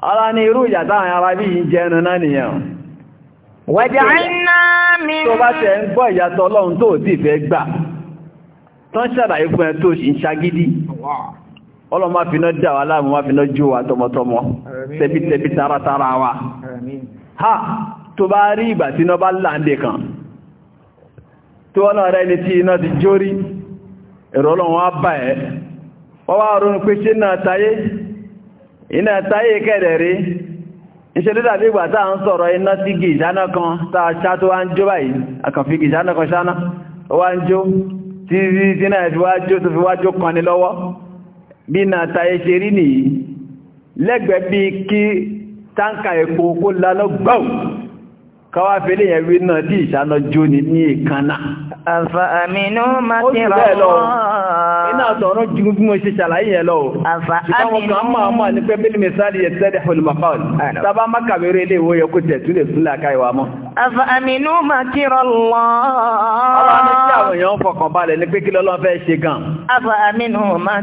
[SPEAKER 2] ara ni irú ìyàtà àwọn arábí yìí jẹnu náà nìyàn tó bá tẹ̀ ń gbọ́ ìyàtọ̀ ọlọ́run tó ti fẹ́ gbà tán ṣàlàyé fún ẹ tó ṣì ṣagídí ọlọ́run má finá dà wá wa ha tó bá rí ìgbà tí iná bá láǹdè ẹ̀rọ ọlọ́run á bà ẹ́ wọ́n wá ronú pé ṣe náà táyé iná táyé kẹ́rẹ̀ rí iṣẹ́ tó dàbí ìgbà táà ń sọ̀rọ̀ iná tí ìṣáná kan táà ṣá tó wá ń jó báyìí àkànfí gìjáná kan ṣáná ó wá ń jó tí ní lọ́wọ́ Àfà àmìnú
[SPEAKER 1] máa ti rọ̀ wọ́n. Iná
[SPEAKER 2] àtọ̀rọ̀ jùgbọ́n bí mo ṣe ṣàlàyé yẹn lọ.
[SPEAKER 1] Àfà àmìnú. Ṣùgbọ́n kan máa
[SPEAKER 2] máa ní pé bí mìsáàlì yẹn tẹ́lẹ̀ fún ìmọ̀kọ́ọ̀lù. Sábà má kàwéré ilé ìwé yẹn kó tẹ̀ tún lè sún láàká ìwà mọ́.
[SPEAKER 1] Àfà àmìnú máa ti rọ̀ wọ́n. Ọlọ́run ní kí àwọn èèyàn fọkàn
[SPEAKER 2] balẹ̀ ní pé ti rọ̀ wọ́n. Ó wá máa
[SPEAKER 1] Islam. Àfà àmìnú máa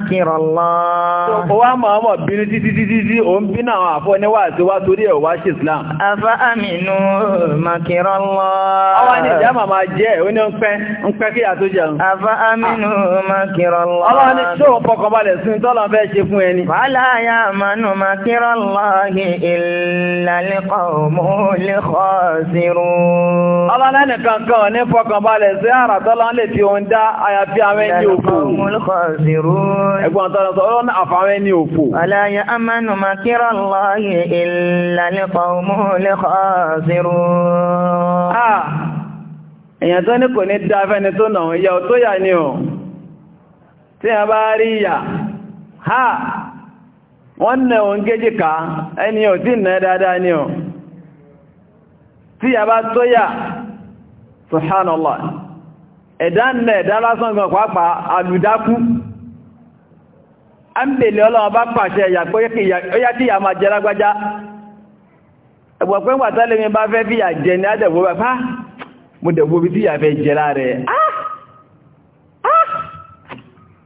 [SPEAKER 2] ti rọ̀ wọ́n. Àwọn àníjà màmá jẹ́ ẹ̀ ń pẹ́ kí àtó jẹun. Àfá àmínú makirallah. Ọlọ́run ní ṣó fọkàn balẹ̀ sí tọ́lọ̀ fẹ́ ṣe fún ẹni. Wàhálà ya mánú makirallahi illa liqawmul khasirun. Ọlọ́run ẹnìkan kan ní fọkàn balẹ̀ sí àrà tọ́lọ́ lè fi òun dá
[SPEAKER 1] àyàfi àwọn ẹni òfò. Ẹgbọ́n tọ́lọ́ sọ ọlọ́run àfàwọn ẹni òfò
[SPEAKER 2] èyàn tó ní kò ní dáfẹ́ni tó nà ìyà tó yà ní ọ̀ tí a bá rí ìyà ha wọ́n nà òun géjì ká ẹni ò tí nà dáadáa ní ọ̀ tí a bá tó yà subhanallah ẹ̀dá nà ẹ̀dá lásán gan pàápàá alùdákú a ń bèèrè ọlọ́wọ́ bá pàṣẹ ìyà pé ó yá kí ìyà máa jẹ lágbájá ẹ̀gbọ̀n pé ń wà mi bá fẹ́ fìyà jẹ ní àdẹ̀wò bá fáà mo dẹ̀ gbogbo tí ìyàfẹ́ jẹ láàrẹ ah! ah!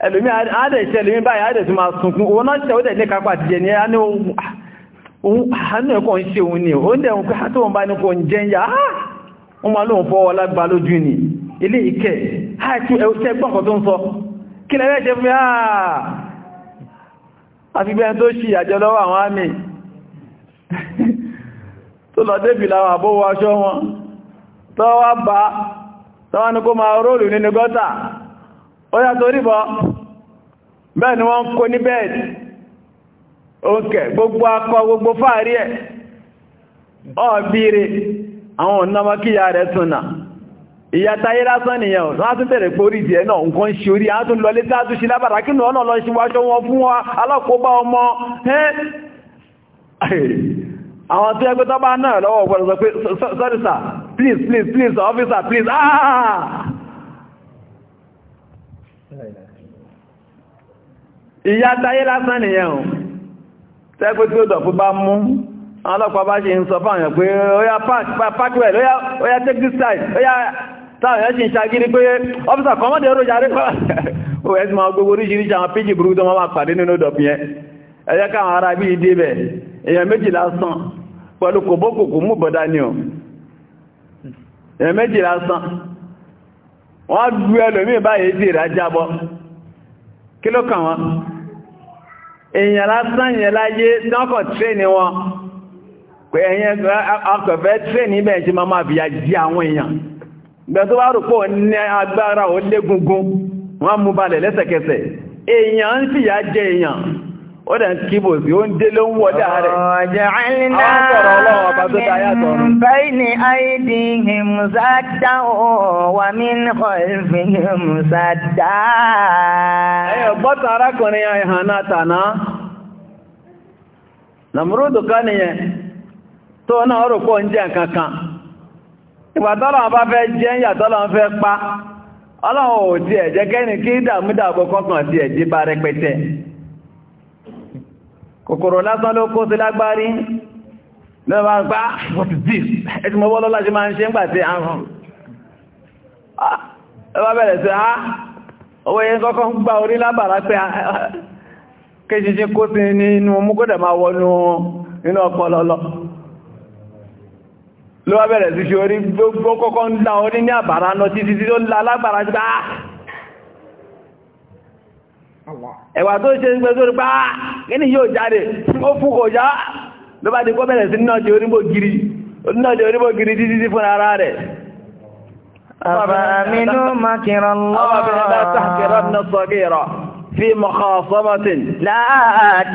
[SPEAKER 2] ẹlòmí àádẹ̀ṣẹ́ lèmi báyìí àádẹ̀ṣẹ́ máa sunkún owó náà ṣẹ̀ ó dẹ̀ ní kápá ti jẹ ní a ní ohun ẹ̀kọ́ ń ṣe òun ni ó ń dẹ̀ ohun pé ah, tó ń bá ní kò ń jẹ ń yá wọ́n máa lóun fọ́wọ́ lọ débì láwọn àbówọ́ wọn tọ́wọ́ bá tọ́wọ́ ní kó máa róòlù nínú gọ́tà ó yàtọ̀ ríbọ̀ bẹ́ẹ̀ ni wọ́n kó ní bẹ́ẹ̀dì oúnkẹ̀ gbogbo akọ gbogbo fàárí ẹ̀ ọ̀bíire àwọn ọ̀nàmọ́ kíyà rẹ̀ túnà ìyàtayé lásán nìyàn àwọn tí ẹgbẹ́ tọ́bá náà lọ́wọ́ ọ̀gbọ̀n sọ pé sorry sir please please please officer please ah, ah, ah, ah. ìyá táyé lásán nìyẹn o tẹ́gbẹ́ tí ó dọ̀fú bá mú ọlọ́pàá bá ṣe ń sọ fáwọn pé oya parkwell oya take this side oya táwọn èèyàn ṣagiri pé officer kọmọ́dé orójáre pọ́ ẹ̀sìn ma gbogbo oríṣiríṣi àwọn pẹ̀lú kò mú bọ̀dá ní ọ̀ èyàn lásán wọ́n dú ẹlòmí báyìí sí ìrájábọ́ kí ló kàn wọ́n èyàn lásán yẹn láyé dọ́kọ̀ tréni wọn pé ẹ̀yẹn akọ̀fẹ́ máa àwọn gbẹ̀ tó bá rò pọ̀ ní agbára ó lé gungun wọ́n mú balẹ̀ lẹ́sẹ̀kẹsẹ̀ ń fìyà ó dẹ̀ ń kíbò
[SPEAKER 1] sí ó ń dé ló rẹ̀. ọ àìlínà min bayni aydihim sadda wa min khalfihim sadda. ẹ̀yọ̀ bọ́ta arákùnrin àìhànà tàná
[SPEAKER 2] nàmúrúdù ká nìyẹn tó náà rò pọ̀ ń jẹ́ ò kẹ́ni kí kọ́kàn bá kòkòrò lásán ló kó sí lágbárí lọ́wọ́ ń what is this ẹ̀tí mọ́ wọ́lọ́lá ṣe máa ń ṣe ń gbà tí àrùn ah, ẹwà bẹ̀rẹ̀ sí ha ah, owó yẹn kọ́kọ́ ń gba orí lábàrá pé ah, kéṣiṣẹ́ kó sí nínú mú kó dẹ̀ máa wọnú inú ọpọlọlọ lọ́wọ́ bẹ̀rẹ̀ sí ṣe orí gbogbo kọ́kọ́ ń dá orí ní àbàrá lọ títí tí ó lálágbàrá gbáà ẹ̀wà tó ṣe ń gbé sórí pá ah, kíní yóò jáde ó fún kò já ló bá ti kọ́ bẹ̀rẹ̀ sí náà jẹ́ oníbò gírí títí fún ara rẹ̀ أفأمنوا مكر الله في مخاصمة لا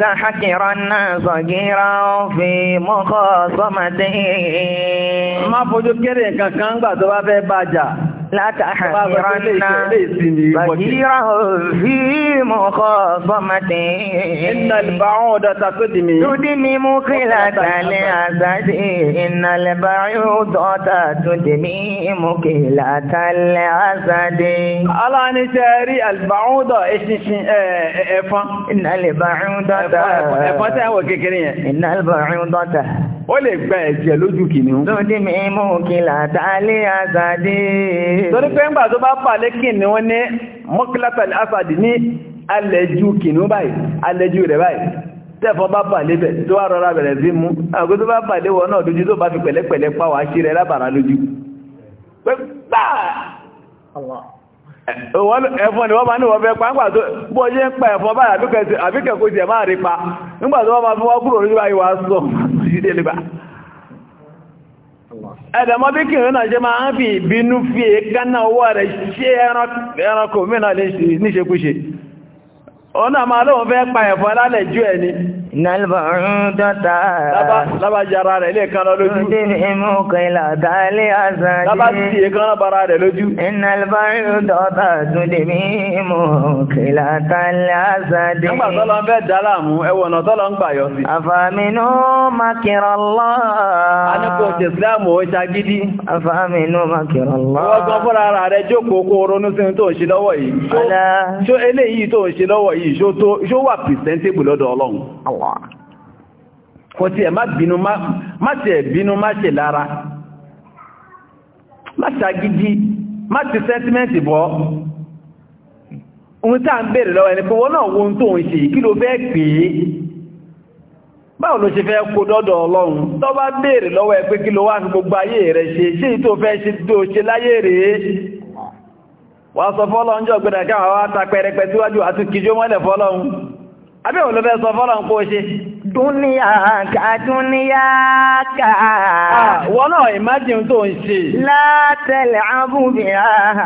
[SPEAKER 2] تحكرن صغيرا في مخاصمة má fojú kéré nǹkan kan gbà tó bá fẹ́ bá látàhàmìránná
[SPEAKER 1] bàgírà fi mọ̀kọ́ bọ́mọdé. iná lẹ́bà ọ̀hún dọ́ta tó dì mí. dúdí mi mú kí látàlẹ́ àgbàdì iná lẹ́bà ọ̀hún dọ́ta tó dì mí mú kí látàlẹ́ àgbàdì. aláàánú ṣe rí àlùbà ọ̀hún dọ̀ eṣinṣin ẹ̀fọn. iná lẹ́bà ọ̀hún dọ́ta. ẹ̀fọn
[SPEAKER 2] ó lè gba ẹ̀jẹ̀ lójú kìnìún. dúdí mi mú kí látàlẹ́ àgbàdì torí pé ńgbà tó bá pàlẹ́ kìnnìún ní mọ́kílátàlì asàdì ní alẹ́jú kìnnìún báyìí alẹ́jú rẹ̀ báyìí tẹ́fọ́ bá pàlẹ́ bẹ̀ tó wà rọra bẹ̀rẹ̀ sí mú àgbé tó bá pàlẹ́ wọ náà lójú tó bá fi pẹ̀lẹ́pẹ̀lẹ́ pa wà ṣe rẹ̀ lábàrá lójú ẹ̀fọn ni wọ́n máa ní wọ́n fẹ́ pa ńgbà tó bọ́ ẹ̀dẹ̀mọ́ bí kìrì náà jẹ́ máa ń fi ìbínú fi èékánná ọwọ́ rẹ̀ ṣe ẹranko mìíràn níṣekúṣe ọ̀nà máa lóun fẹ́ pa ẹ̀fọ́ lálẹ̀ jú ẹni Nàlbàrúndọ́ta. Lába yàrá rẹ̀ ilé kan lójú. Ndé ní imú kẹlà
[SPEAKER 1] dálé àzàdé. Lába ti èkan náà bara rẹ̀ lójú. Nàlbàrúndọ́ta tún dé ní imú kẹlà dálé àzàdé. Nígbà tọ́lọ
[SPEAKER 2] ń bẹ́ dálà mú ẹwọ̀n náà tọ́lọ ń gbà yọ sí. Àfàmínú
[SPEAKER 1] makirallá.
[SPEAKER 2] A ní kò ṣe Ìsìláàmù ó ṣagídí. Àfàmínú makirallá. Wọ́n gan fúnra rẹ̀ jókòó kó ronú sí tó ń ṣe lọ́wọ́ yìí. Ṣó eléyìí tó ń ṣe lọ́wọ́ yìí ṣó wà presentable lọ́dọ̀ Ọlọ́run. Allah kò tí ẹ má bínú má tí ẹ bínú má ṣe lára má ṣàgídí má ti sẹ́tímẹ́ntì bọ́ ohun tí a ń bèèrè lọ́wọ́ ẹni pé wọ́n náà wọ́n tó ń ṣe kí fẹ́ pè é báwo ló ṣe fẹ́ kó dọ́dọ̀ ọlọ́run tó bá bèèrè lọ́wọ́ ẹ pé kí ló wá ní gbogbo ayé rẹ̀ ṣe ṣe tó fẹ́ ṣe tó ṣe láyé rèé wà sọ fọ́lọ́njọ́ gbẹ̀rẹ̀ káwọn wá ta pẹrẹpẹ síwájú àti kìjó mọ́lẹ̀ fọ́lọ́run àbí òun ló fẹ́ sọ fọ́lọ̀ ń kó ṣe
[SPEAKER 1] dúníyà ká dúníyà ká. wọ́n náà imagine tó ń ṣe. látẹ̀lẹ̀ abúbí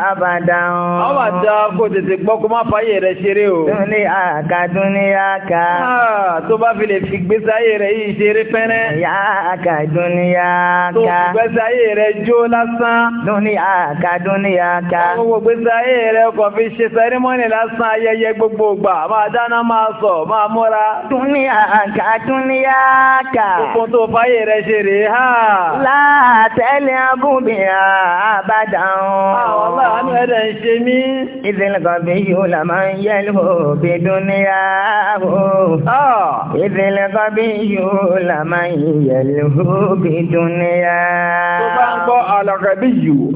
[SPEAKER 1] àbàdàn. ọmọ àdá kò tètè gbọ́ kó má fàyè rẹ̀ ṣeré o. dúníyà ká dúníyà ká. tó bá fi lè
[SPEAKER 2] fi gbèsè ayé rẹ̀ yìí ṣeré pẹ́rẹ́. dúníyà ká dúníyà ká. tó fi gbèsè ayé rẹ̀ jó lásán. dúníyà ká dúníyà ká. gbogbo gbèsè ayé rẹ̀ kò fi ṣe sẹ́rímọ́nì lásán ayẹyẹ gbogbo gbà máa dáná máa sọ máa múra. dúníyà
[SPEAKER 1] ká dúníyàkà. Gbogbo tó fáyé rẹ̀ ṣe rè é hà. Látẹ̀lẹ̀ abúbí àbádàn. Àwọn ah, aláàánú ẹ̀rẹ̀ ń ṣe mí. Ìdílẹ̀kọ̀ bí yóò là máa ń yẹ lò bí dúníyàwó. Ah. Ìdílẹ̀kọ̀ bí yóò là máa ń yẹ lò bí dúníyà. Tó bá ń
[SPEAKER 2] gbọ́ àlọ́kọ̀ bí yóò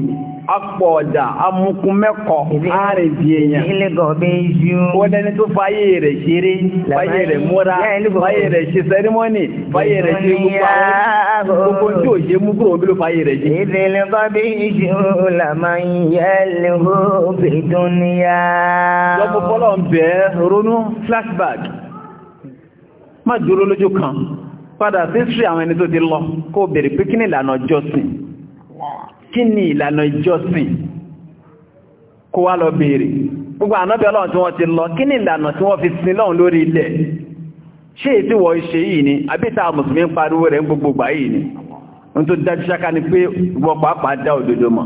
[SPEAKER 2] apọ̀ ọ̀dà amukun mẹ́kọ̀ ààrẹ bí èèyàn. ìlẹ́gọ̀ bí yú. wọ́n dẹni tó fàyè rẹ̀ ṣeré fàyè rẹ̀ múra fàyè rẹ̀ ṣe sẹ́rímọ́nì fàyè rẹ̀ ṣe gbogbo àwọn gbogbo tí ò ṣe mú kúrò bí ló fàyè rẹ̀ ṣe.
[SPEAKER 1] ìlẹ́gọ̀ bí yú làmà yẹ lẹ́gọ̀ bí dúnìyà. lọ́pọ̀ fọlọ́ ń bẹ̀ ronú flashback
[SPEAKER 2] má dúró lójú kan padà sí sí àwọn ẹni tó ti lọ kó bèrè pé kí ni ìlànà jọ́sìn kí ni ìlànà ìjọsìn kó wá lọ béèrè gbogbo ànábẹ́ ọlọ́run tí wọ́n ti lọ kí ni ìlànà tí wọ́n fi sin lọ́run lórí ilẹ̀ ṣé èyí tí wọ́n yìí ni àbíta mùsùlùmí ń pariwo rẹ̀ gbogbogbà yìí ni ń tó dájú ṣáká ni pé wọ́n pàápàá dá òdodo mọ̀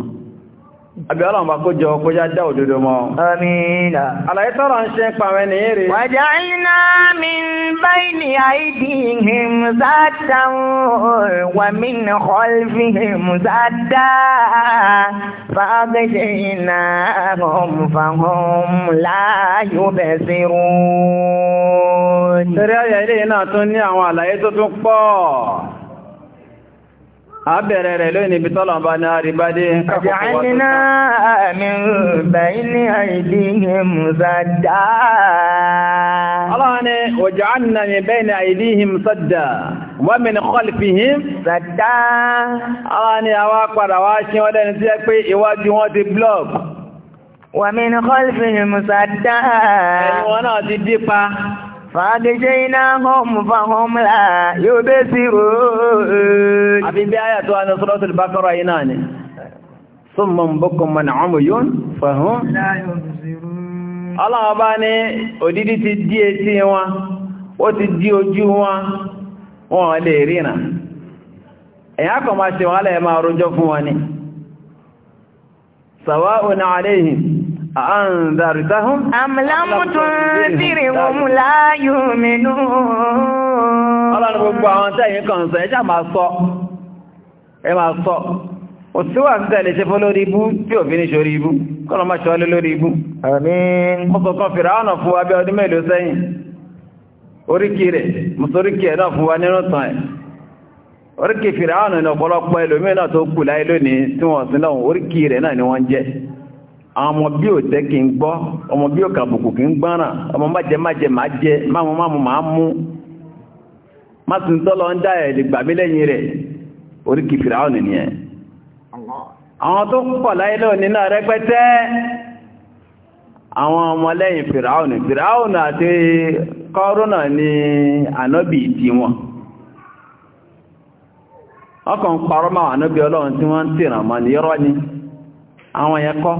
[SPEAKER 2] àbí ọlọ́run bá kó jọ kó já dá òdodo mọ́. Àmìnà.
[SPEAKER 1] Àlàyé tọ́rọ ń ṣe ń pa àwọn ènìyàn rẹ̀. Wàjá iná mi ń bá ìní àìdí ìhìn záàtà wà mí ní ọlfí ìhìn záàtà. Fàágẹ́ṣe iná hàn láàyò bẹ̀ rún. Tẹ̀rẹ́ ayẹyẹ náà tún ní àwọn àlàyé tó tún
[SPEAKER 2] pọ̀ àbẹ̀rẹ̀ rẹ̀ lóyìn ibi tọ́lọ̀ bá ní àríbádé kápọ̀kọ̀ wà tó sá. àmì
[SPEAKER 1] bẹ̀ ilé àìdí ihe
[SPEAKER 2] mùsàdá. ọlọ́ni òjò ànà mi bẹ́ ní àìdí ihe
[SPEAKER 1] فأغشيناهم فهم
[SPEAKER 2] لا يبصرون أبي بآية أن سورة البقرة يناني ثم بكم من عمي فهم
[SPEAKER 1] لا يبصرون
[SPEAKER 2] Allah bá ní òdídí ti dí etí wọn, ó ti dí ojú wọn, wọn lè ríran. Ẹ̀yà kan máa ṣe wọ́n alẹ́ máa ni. أأنذرتهم
[SPEAKER 1] أم لم تنذرهم لا يؤمنون gbogbo
[SPEAKER 2] sọ ń tẹ́lẹ̀ ṣe fún lórí ibú tí ò fi ní ṣorí ibú kọ́nà máa ṣọ́lé lórí ibú mọ́sọ̀kan fìrà ọ̀nà fún wa bí ọdún mélòó sẹ́yìn oríkì rẹ̀ mọ́sọ̀ríkì ẹ̀ náà fún wa ọmọ bí ò tẹ́ kí n gbọ́ ọmọ bí ò kàbùkù kí n gbọ́ràn ọmọ májẹ májẹ máa jẹ máàmú máàmú máa mú má sì tọ́lọ ń dá ẹ̀ gbàmí lẹ́yìn rẹ̀ orí kì fìrà àwọn tó pọ̀ láyé rẹpẹtẹ àwọn fìrà ni wọn ọkàn ọlọ́run tí wọ́n ń ni yọ́rọ́ ni àwọn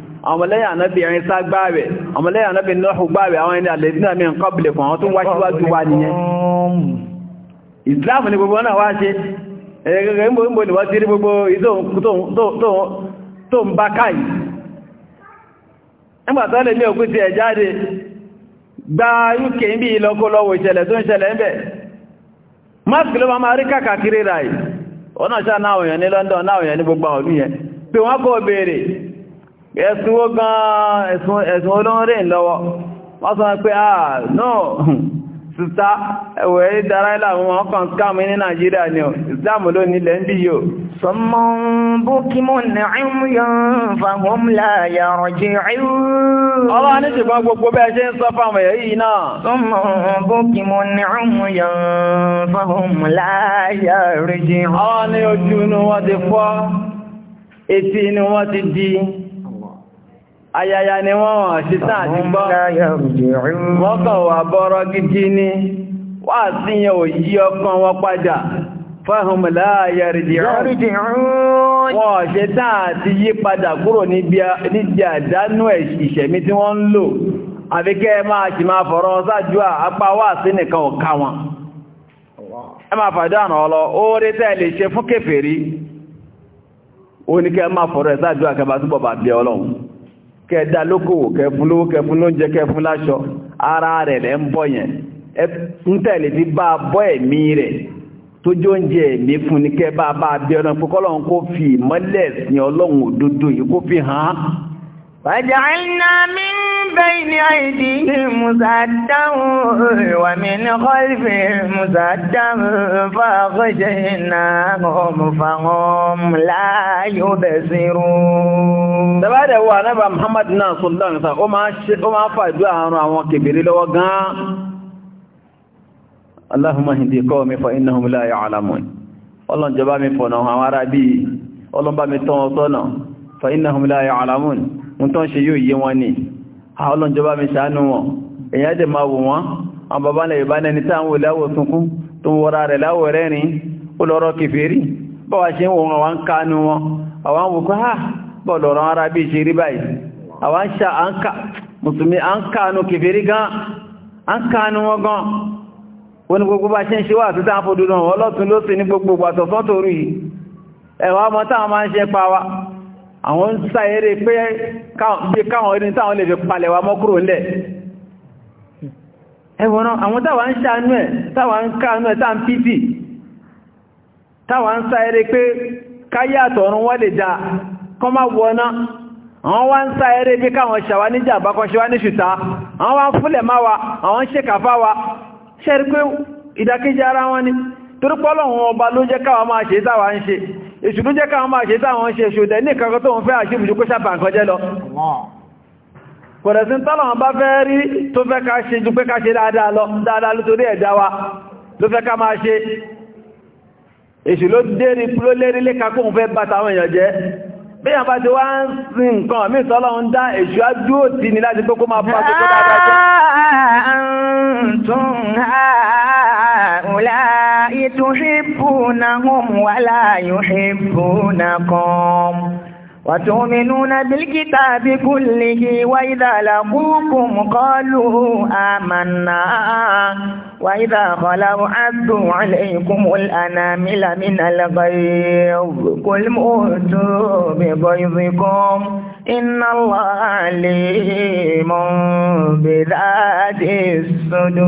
[SPEAKER 2] ọmọlẹ́yìn ànábì ẹ̀rin sá gbáàrẹ̀ ọmọlẹ́yìn ànábì Nuhu gbáàrẹ̀ àwọn ẹni àlèdínà mi ń kọ́bìlẹ̀ fún àwọn tó wá wá nìyẹn ìsìláàmù ni gbogbo náà wá ṣe ẹgbẹ̀rẹ̀ gbogbo gba bí ìlọ́kọ́ lọ́wọ́ ìṣẹ̀lẹ̀ rí London gbogbo ẹ̀sùn ó gan ẹ̀sùn olóòrìn lọ́wọ́ wọ́n sọ pé àà ah, náà sùta ẹ̀wẹ̀ ìdára ìlàwọ̀n wọn káàmù ní Nàìjíríà ni Islam ló
[SPEAKER 1] nílẹ̀ ń bí yóò sọmọ́ bókímọ̀ nàíyàn fàwọn láyà rọ̀jẹ̀ ọlọ́wọ́ ní ṣùgbọ́n gbogbo bẹ́ẹ̀ ṣe
[SPEAKER 2] ayaya ni wọ́n ṣíṣà àti gbọ́ wọ́n kàn wà bọ́rọ̀ gidi ni wà sí yẹn ò yí ọkàn pàjá padà fáhùn láàyà rìdìrún wọ́n ṣíṣà àti yí padà kúrò níbi àdánú ìṣẹ̀mí tí wọ́n ń lò àfikẹ́ máa ṣì máa fọ̀rọ̀ sájú apá máa fàdánà ọlọ oore àkẹbà túbọ̀ bàbí ọlọ́run kẹ́ẹ̀dá lókòwò kẹfún lówó kẹfún lóúnjẹ kẹfún láṣọ ara rẹ̀ lẹ́ ń bọ́ yẹn ń tẹ̀lé fi bá a bọ́ ẹ̀mí rẹ̀ tó jó ń jẹ ẹ̀mí fún ni kẹ́ bá bá bí ọ̀nà pé kó fi ìmọ́lẹ̀ sin ọlọ́run òdodo yìí kó fi hàn án
[SPEAKER 1] وجعلنا من بين أيديهم مسدا ومن خلفهم مسدا فأغشيناهم فهم لا يبصرون tẹ́bàdẹ̀ wà
[SPEAKER 2] nẹ́bà Muhammad náà sọ́lọ́ nìta ó máa fàájú àrùn àwọn kèbèrè lọ́wọ́ gan-an Allahumma hindi qawmi fa innahum la ya'lamun ọlọ́njọba mi fọ̀nà àwọn arábí ọlọ́nbá mi tán ọ̀sọ́nà fa ń tán ṣe yóò yé wọn ni ọlọ́njọba mi ṣàánú wọn èyàn jẹ máa wò wọ́n àwọn bàbá náà ìbá nẹni tí àwọn ìláwò sunkún tó ń wọ́ra rẹ̀ láwò rẹ́rin ó lọ́rọ̀ kìfèrí bọ́wà ṣe ń wọ́n wọ́n kánú wọn àwọn wùkú ha bọ́ lọ́rọ̀ ara bí ń kánú kìfèrí àwọn ń sáyẹ́rẹ́ pé káwọn ẹni táwọn lè fi palẹ̀ wa mọ́kúrò ńlẹ̀ àwọn táwà ń ṣàánú ẹ̀ táwà ń káánú ẹ̀ táà ń pìtì táwà ń sáyẹ́rẹ́ pé káyàtọ̀ ọ̀run wọ́n lè já kọ́ má wọ́ná àwọn wa ń torípọ́lọ̀wọ̀n ọba ló jẹ́ káwà máa ṣe táwà ń ṣe èṣù ló jẹ́ káwà máa ṣe táwà ń ṣe ṣòdẹ̀ ní ìkankan tó ń fẹ́ àṣíbùjú kó sábà nǹkan jẹ́ lọ kọ̀rẹ̀sí tọ́lọ̀wọ̀n bá fẹ́ rí tó fẹ́ ká ṣe ju pé ká ṣe dáadáa lọ dáadáa ló torí ẹ̀dá wa ló fẹ́ ká máa ṣe èṣù ló dérí ló lérí lé kakóhun fẹ́ bá táwọn èèyàn jẹ́ bí yàn bá ti wá ń
[SPEAKER 1] sin أولئك تحبونهم ولا يحبونكم وتؤمنون بالكتاب كله وإذا لقوكم قالوا آمنا وإذا خلوا عدوا عليكم الأنامل من الغيظ قل موتوا بغيظكم إن الله عليم بذات الصدور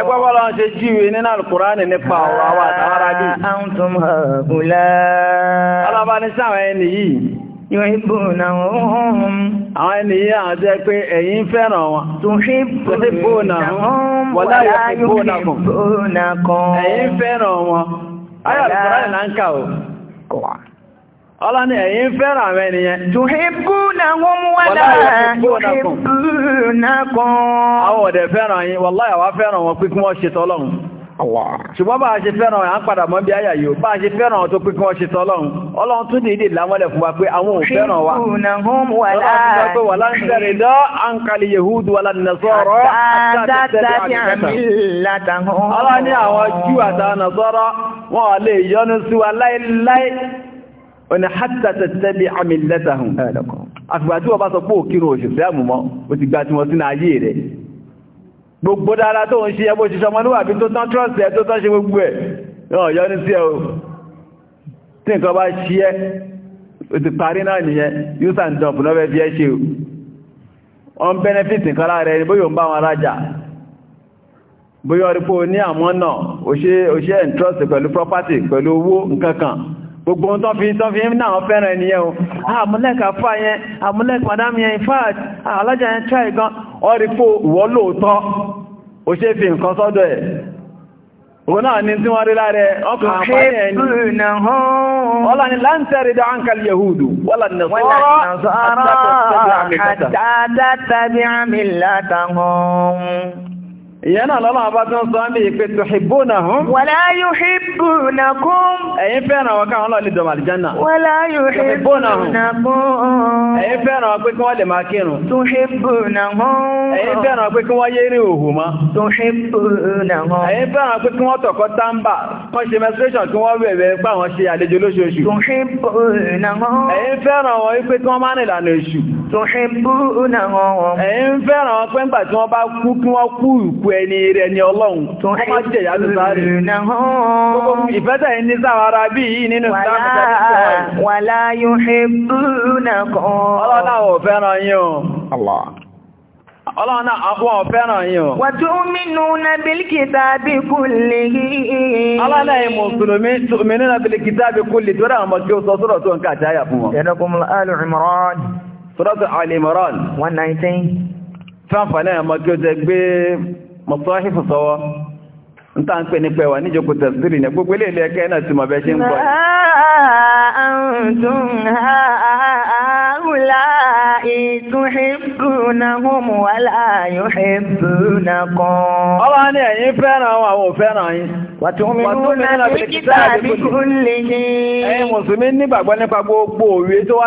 [SPEAKER 2] أقوى الله تجيوي ننا القرآن نبقى الله وتعالى أنتم هؤلاء الله بني سامعيني yìí Yọ̀hìbùnà ọ̀hún. Àwọn ènìyàn àti pé ẹ̀yin fẹ́ràn wọn. Tùhìbùnà ọ̀hún. Wọ́lá yọ̀hìbùnà kan. Ẹ̀yin fẹ́ràn wọn. Ayọ̀ ìfúráyìn là ń kà ó. Ọlọ́ni ẹ̀yin fẹ́ràn àwọn ènìyàn.
[SPEAKER 1] Tùhìbùnà ọ̀hún kan. Àwọn
[SPEAKER 2] ọ̀dẹ̀ fẹ́ràn fẹ́ràn wọn wọ́n ṣe tọ́lọ́run. ṣùgbọ́n bá a ṣe fẹ́ràn à ń padà mọ́ bí àyà yóò bá a ṣe fẹ́ràn tó pín kí wọ́n ṣe tọ́lọ́run ọlọ́run tún dìídì lámọ́lẹ̀ fún wa pé àwọn ò wa
[SPEAKER 1] àfìgbà tí
[SPEAKER 2] wọ́n bá sọ pé òkírun òṣìṣẹ́ àmùmọ́ ó tí wọ́n sínú ayé rẹ̀ gbogbo dára tó ń ṣe ẹbó ṣiṣẹ́ ọmọlúwàbí tó tán trọ́sì ẹ tó tán ṣe gbogbo ẹ̀ náà yọ ní sí ẹ o tí nǹkan bá ṣí ẹ o ti parí náà nìyẹn usa and dump náà fẹ́ fi ṣe o on benefit nǹkan lára ẹni bóyá ń bá wọn rajà bóyá ọdún pé o ní àmọ́ náà o ṣe ẹ̀ ń trọ́sì pẹ̀lú property pẹ̀lú owó nǹkan kan gbogbo ohun fi tó fi ń náà fẹ́ràn ẹniyẹ o ah, àmúlẹ́kà fà yẹn àmúlẹ́kà ah, madam yẹn infact ah, alájà yẹn try gan ọrí fò o ṣe fi nǹkan sọ́dọ̀ ẹ̀ náà tí wọ́n rí láàrẹ ọkùnrin àpáyẹ̀ ìyẹn náà lọ́nà àbá tó ń sọ ní ìpé tuhibbunahum.
[SPEAKER 1] wala yuhibbunakum.
[SPEAKER 2] ẹ̀yin fẹ́ràn wọn káwọn lọ́lẹ̀ dọ̀mà àlìjánà.
[SPEAKER 1] wala yuhibbunakum.
[SPEAKER 2] ẹ̀yin fẹ́ràn wọn pé kí wọ́n lè máa kírun. tuhibbunahum. ẹ̀yin fẹ́ràn wọn wọ́n pé kí wọ́n tọ̀kọ́ táǹbà kan ṣe menstruation kí wọ́n wẹ̀wẹ̀ pa àwọn wọ́n pé kí wọ́n kú ẹni rẹ̀ ni ọlọ́run tó ń má jẹ̀ yàtọ̀ sáré. ìfẹ́tẹ̀ ní sáwara bí yìí nínú ìsìlámù tẹ́lẹ̀. wàlá yóò ṣe búrú náà kan. Ọlọ́run àwọn ọ̀fẹ́ràn yìí o. Wa
[SPEAKER 1] tu'minuna bil kitabi kullihi. Ọlọ́lá tó rẹ̀ àwọn
[SPEAKER 2] ọmọ tí ó sọ sọ́rọ̀ náà ọmọ mọ̀sọ́hífù sọ́wọ́ ń tàà ń pè ní pẹ̀wà níjókòó tẹ̀sírì ní gbogbo ilé ilẹ̀ ẹ̀kẹ́ náà ti mọ̀
[SPEAKER 1] bẹ́ ṣe ń bọ̀ tuhibunahum ní ẹ̀yin fẹ́ràn àwọn àwọn òfẹ́ràn yín. Wa tu'minuna bil kitabi
[SPEAKER 2] kullihi. Ẹ̀yin Mùsùlùmí nígbàgbọ́ nípa gbogbo òwe tó wá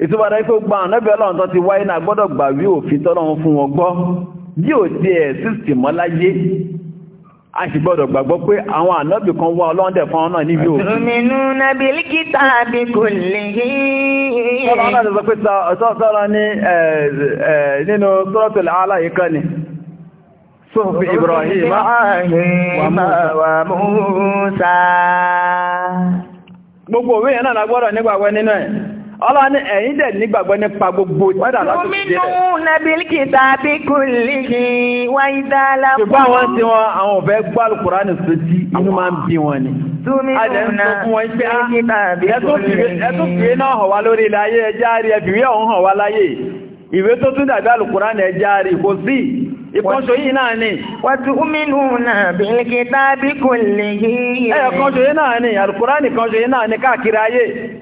[SPEAKER 2] ìtumọ̀ rẹ̀ pé gbọ́n ọlọ́run tó ti wáyé náà gbọ́dọ̀ gbà wí òfin tọ́lọ́run fún wọn gbọ́ bí ò ti ẹ̀ sísì mọ́ láyé a sì gbọ́dọ̀ gbàgbọ́ pé àwọn ànábì kan wá ọlọ́run ní gbogbo náà lágbọ́rọ̀ ọlọ́wọ́ ní ẹ̀yìn dẹ̀ nígbàgbọ́ nípa gbogbo ìpàdà láti
[SPEAKER 1] fi dé rẹ̀. omi nù nàbílì kìtà bí kò lè ṣe wáyé dáàlà fún. ṣùgbọ́n àwọn tí
[SPEAKER 2] ni. Ah, kò lè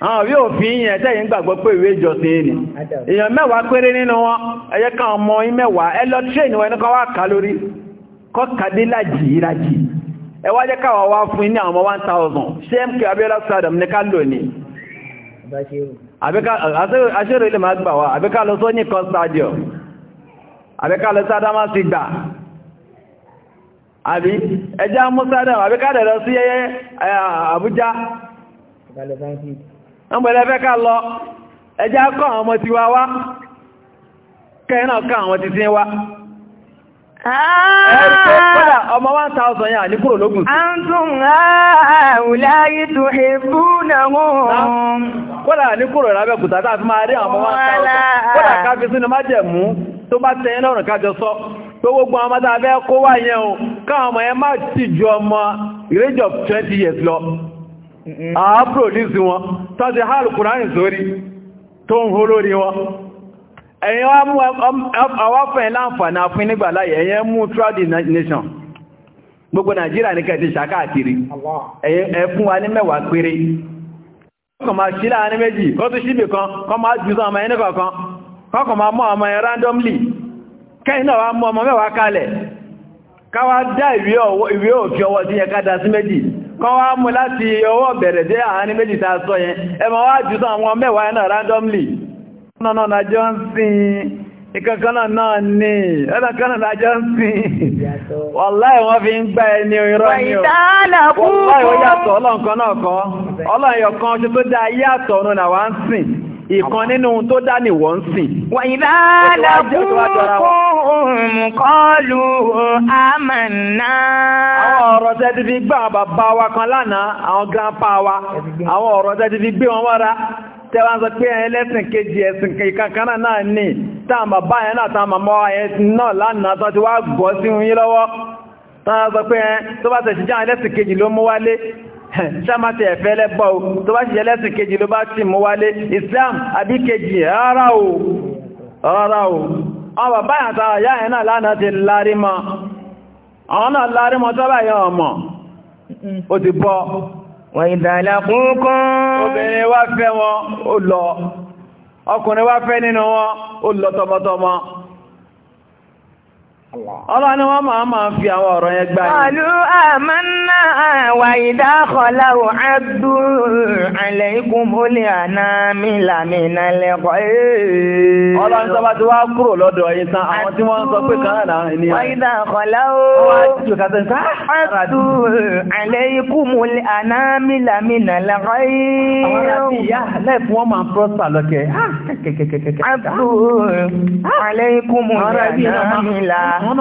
[SPEAKER 2] àwọn bí òfin yẹn tẹ́yìn gbàgbọ́ pé ìwé ìjọsìn ni èèyàn mẹ́wàá péré nínú wọn ẹyẹ kan ọmọ yín mẹ́wàá ẹ lọ tírénì wọn ẹnìkan wá kà lórí kọ́ kàdé lájì ìrajì ẹ wá jẹ́ káwà wá fún ní àwọn ọmọ 1000 ṣe mk sí gbà Àbújá Thank ọmọdé fẹ́ ká lọ ẹjá kọ́ àwọn ọmọ ti wá wá kẹ́ẹ̀nà kọ́ àwọn ti sí wá ah! ọmọ 1000 yà ní kúrò lógún sí àǹtún àwùláyé tó hìbú náà ní kúrò tàbí máa rí àwọn ọmọ 1000 tó bá lọ́rùn sọ gbogbo ọmọ tàbí ẹkó wáyẹ̀ o káwọn ọmọ ẹ má ti ọmọ ìrẹ́jọ̀ 20 years lọ àápòlìsì wọn tọ́jú hálù kùránì sórí tó ń hó wọn ẹ̀yin àwọ́fẹ́ láǹfààní àfin nígbà láyé ẹ̀yin mú di nation gbogbo Nigeria ní kẹtì ṣàkáàkiri ẹ wa ní mẹ́wàá péré kọ́ ma ṣí láàrin méjì ṣíbì kan kọ́ jù ẹni kọ̀ọ̀kan kan wá mú láti ọwọ́ bẹ̀rẹ̀ dé àárín méjì tá sọ yẹn ẹ ma wá jù tán àwọn mẹ́wàá náà randomly náà na jọ ń sin ìkankan náà náà ní ẹ̀lọ́kan náà jọ ń sin wàláì wọ́n fi ń gbá ẹni irọ́ ni o wàláì ó yàtọ̀ ọlọ́nkan náà kọ́ ọlọ́yọ̀kan ṣe tó dá ayé àtọ̀ ọ̀run náà ìkan nínú tó dá ní wọ́n ń wàyíbá lọ́kùnrin kọlu àmàna. àwọn ọ̀rọ̀ tẹ́ ti fi gbá àwọn bàbá wa kan lánàá àwọn grandpa wa àwọn ọ̀rọ̀ tẹ́ ti fi gbé wọn wára tẹ́wàá sọ pé kejì ẹ̀sìn kankaná náà ní náà ẹ̀sìn náà lánàá tó ti wá gbọ́ sí lọ́wọ́ sọ pé tó bá tẹ̀sí kejì ló mú wálé sáàmàtì ẹ̀fẹ́ lẹ́gbọ́ o tó bá jele lẹ́sìn bá ti mú Islam àbí kejì o rárá o àwọn bàbá àtàrà ti lárímọ́ àwọn náà lárímọ́ yẹ ọmọ O ti lọ lọ
[SPEAKER 1] Ọlọ́run ni wọ́n máa máa fi àwọn ọ̀rọ̀ yẹn gbá yìí. Ọlú àmánà wà ìdákọ̀láwò ádù àlẹ́ ikú mú àná mi làmìnà lẹ́kọ̀ọ́ èèyàn. Ọlọ́run sọ bá wá kúrò lọ́dọ̀ yìí tán àwọn tí wọ́n sọ pé kan náà
[SPEAKER 2] wọ́n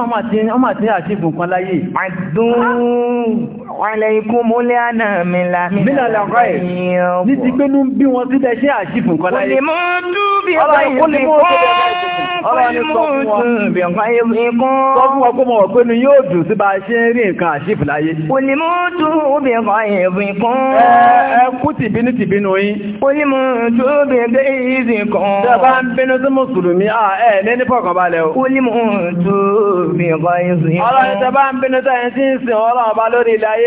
[SPEAKER 2] máa ti àṣífù kan láyé
[SPEAKER 1] Aláìkúmúlé àná mi là mí lọ́gọ́ ẹ̀. Ní ti pé ní bí wọ́n ti dẹṣẹ́ àṣìfù kan láyé. Kò lè mú dúbí ọ̀gá ìsìn kún. Ọlọ́run ni sọ fún wọn. Sọ fún
[SPEAKER 2] wọn kó mọ̀ pé ní yóò dùn sí bá a ṣe ń rí nǹkan àṣìfù láyé. Kò lè mú dúbí ọ̀gá ìsìn kún. Ẹ kú tìbínú tìbínú yín. Kò lè mú dúbí ọ̀gá ìsìn kún. Ṣé bá ń bínú sí Mùsùlùmí? Ẹ ní ní fọkànbalẹ̀ o. Kò lè mú dúbí ọ̀gá ìsìn kún. Ọlọ́run ṣe bá ń bínú sẹ́yìn tí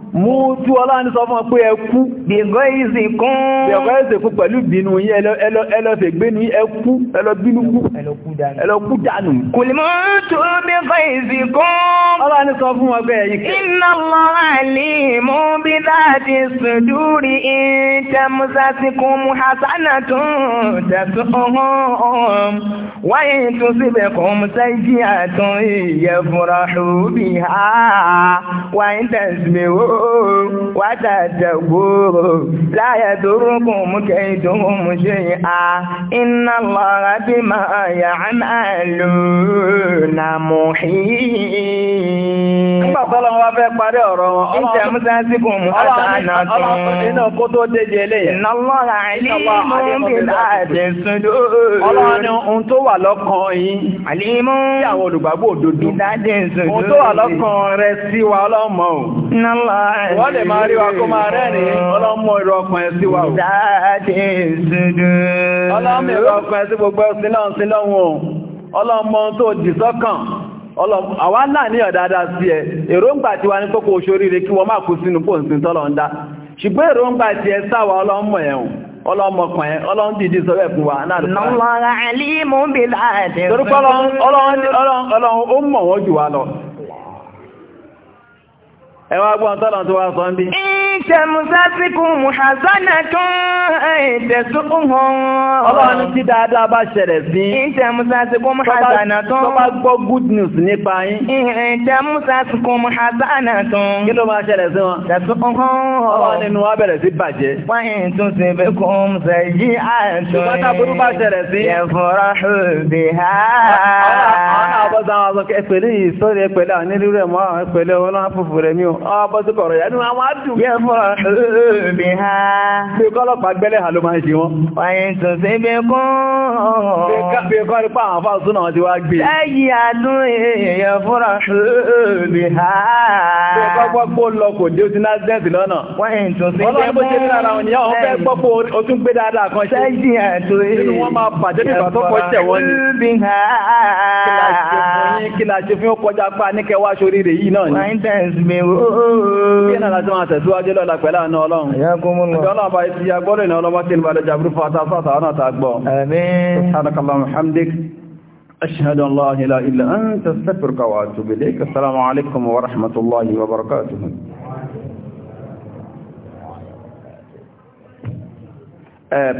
[SPEAKER 2] mú tú ọlá ní sọ fún ọ pé ẹkú bẹ̀gọ́ ìsìnkún bẹ̀gọ́ ìsìnkún pẹ̀lú bínú yí ẹlọ́fẹ̀ gbénú ẹkú ẹlọ́bínúkú
[SPEAKER 1] ẹlọ́kú dànù kò lè mọ́ tó bẹ̀gọ́ ìsìnkún ọlá ní sọ fún ọgbẹ́ ẹ̀yíkẹ́ iná lọ àlè mú bí láti sùdúrí ìtẹ́mùsásíkún hasana tó dẹ̀tún ọ̀hún wáyé tó síbẹ̀ kọ́ mùsáìjì àtún ìyẹ̀fùrọ̀ ṣùgbì وتتقوه لا يدركم كيدهم شيئا إن الله بما يعملون محيط Nígbà tọ́lọ́ wá fẹ́ parí ọ̀rọ̀ wọn. Ìjẹ́ Musa sí kò mú àtàánà tún. Inú kó tó
[SPEAKER 2] déje eléyìí. Iná lọ́ra àlímú bí láti sùdó. Ọlọ́run ni ohun tó wà lọ́kàn yín. Àlímú. Tí àwọn olùgbàgbọ́ òdodo. Ìdájẹ́ Ohun tó wà lọ́kàn rẹ sí ọlọ́mọ rẹ̀. Wọ́n lè máa rí wa kó máa rẹ́rìn. Ọlọ́mọ ìrọ̀ ọkùn sí wa. Dáadé ìṣúdú. Ọlọ́mọ ìrọ̀ ọkùn sí gbogbo Ọlọ́mọ tó sọ́kàn. náà ní sí ẹ. Èròǹgbà tiwa ní kókò oṣoríire kí wọ́n máa kú sínú Ṣùgbọ́n èròǹgbà ẹ wa ọlọ́run jù wá lọ. ẹwà gbọ́n tọ́lọ̀ tó wá sọ ń bí
[SPEAKER 1] tásìkùn hasana
[SPEAKER 2] tún ìtẹ̀sùkùn. ọlọ́run tí dáadáa bá ṣẹlẹ̀ sí. ìtẹ̀mùsàsìkùn hasana tún. tọ́ba gbọ́ good news nípa yín. ìtẹ̀mùsàsìkùn hasana tún. kí ló máa ṣẹlẹ̀ sí wọn. tẹ̀sùkùn. ọlọ́run nínú wa bẹ̀rẹ̀ sí bàjẹ́. wọ́n yìí tún ṣe fẹ́ kó ń ṣe yí àtúnyẹ. ṣùgbọ́n táburú bá ṣẹlẹ̀ sí. yẹ̀fọ́rọ̀ ṣùgbẹ́ ha. àwọn àbọ̀dá wọn sọ pẹ̀lú ìsọ́rẹ̀ pẹ̀lú àwọn onílù rẹ̀ mọ́ àwọn pẹ̀lú ọlọ́run fòfò rẹ̀ mi ò. ọ bí ha. Bí kọ́lọ́pàá gbẹ́lẹ̀ hà ló máa ń ṣe wọ́n. Wàyìn tó sí bí kún. Bí kọ́ ní pa àwọn fáwọn súnà wọn ti wá gbé. Ẹyí àdún èèyàn fúnra bí ha. Bí kọ́ gbọ́pọ̀ lọ kò dé ojú náà dẹ́ẹ̀tì lọ́nà. Wàyìn tó sí bí kún. Ọlọ́run bó ṣe ní ara wọn ni àwọn fẹ́ gbọ́pọ̀ o tún gbé dáadáa kan ọlọ́run. Ọjọ́ ọba ìtì agbọ́lẹ̀ ní ọlọ́wọ́ tí ń balẹ̀ jàbúrú fún àtàfàtà ọ̀nà àtàgbọ́. أشهد أن لا إله إلا أنت استغفرك وأتوب السلام عليكم ورحمة الله وبركاته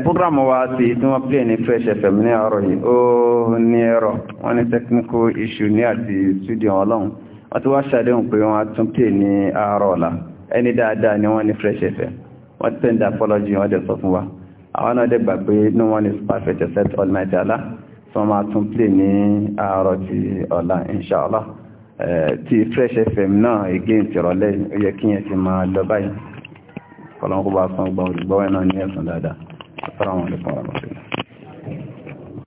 [SPEAKER 2] program wa ti tí wọ́n play ní Fresh FM ní àárọ̀ yìí ó ní ẹ̀rọ wọ́n ní technical issue ní àti studio ọlọ́run wọ́n ti wá ṣàdéhùn pé wọ́n tún play ní àárọ̀ ọ̀la ẹni dáadáa ni wọ́n ní fresh fm wọ́n ti send apology wọ́n dẹ̀ sọ fún wa àwọn náà dẹ̀ gbà pé no one is perfect except almighty allah tí wọ́n máa tún play ní àárọ̀ ti ọ̀la inshallah eh, ti fresh fm náà again ti rọ̀lẹ́ ó yẹ kí yẹn ti máa lọ báyìí kọ́lọ́n kó bá san gbọ́n gbọ́n náà ní ẹ̀sùn dáadáa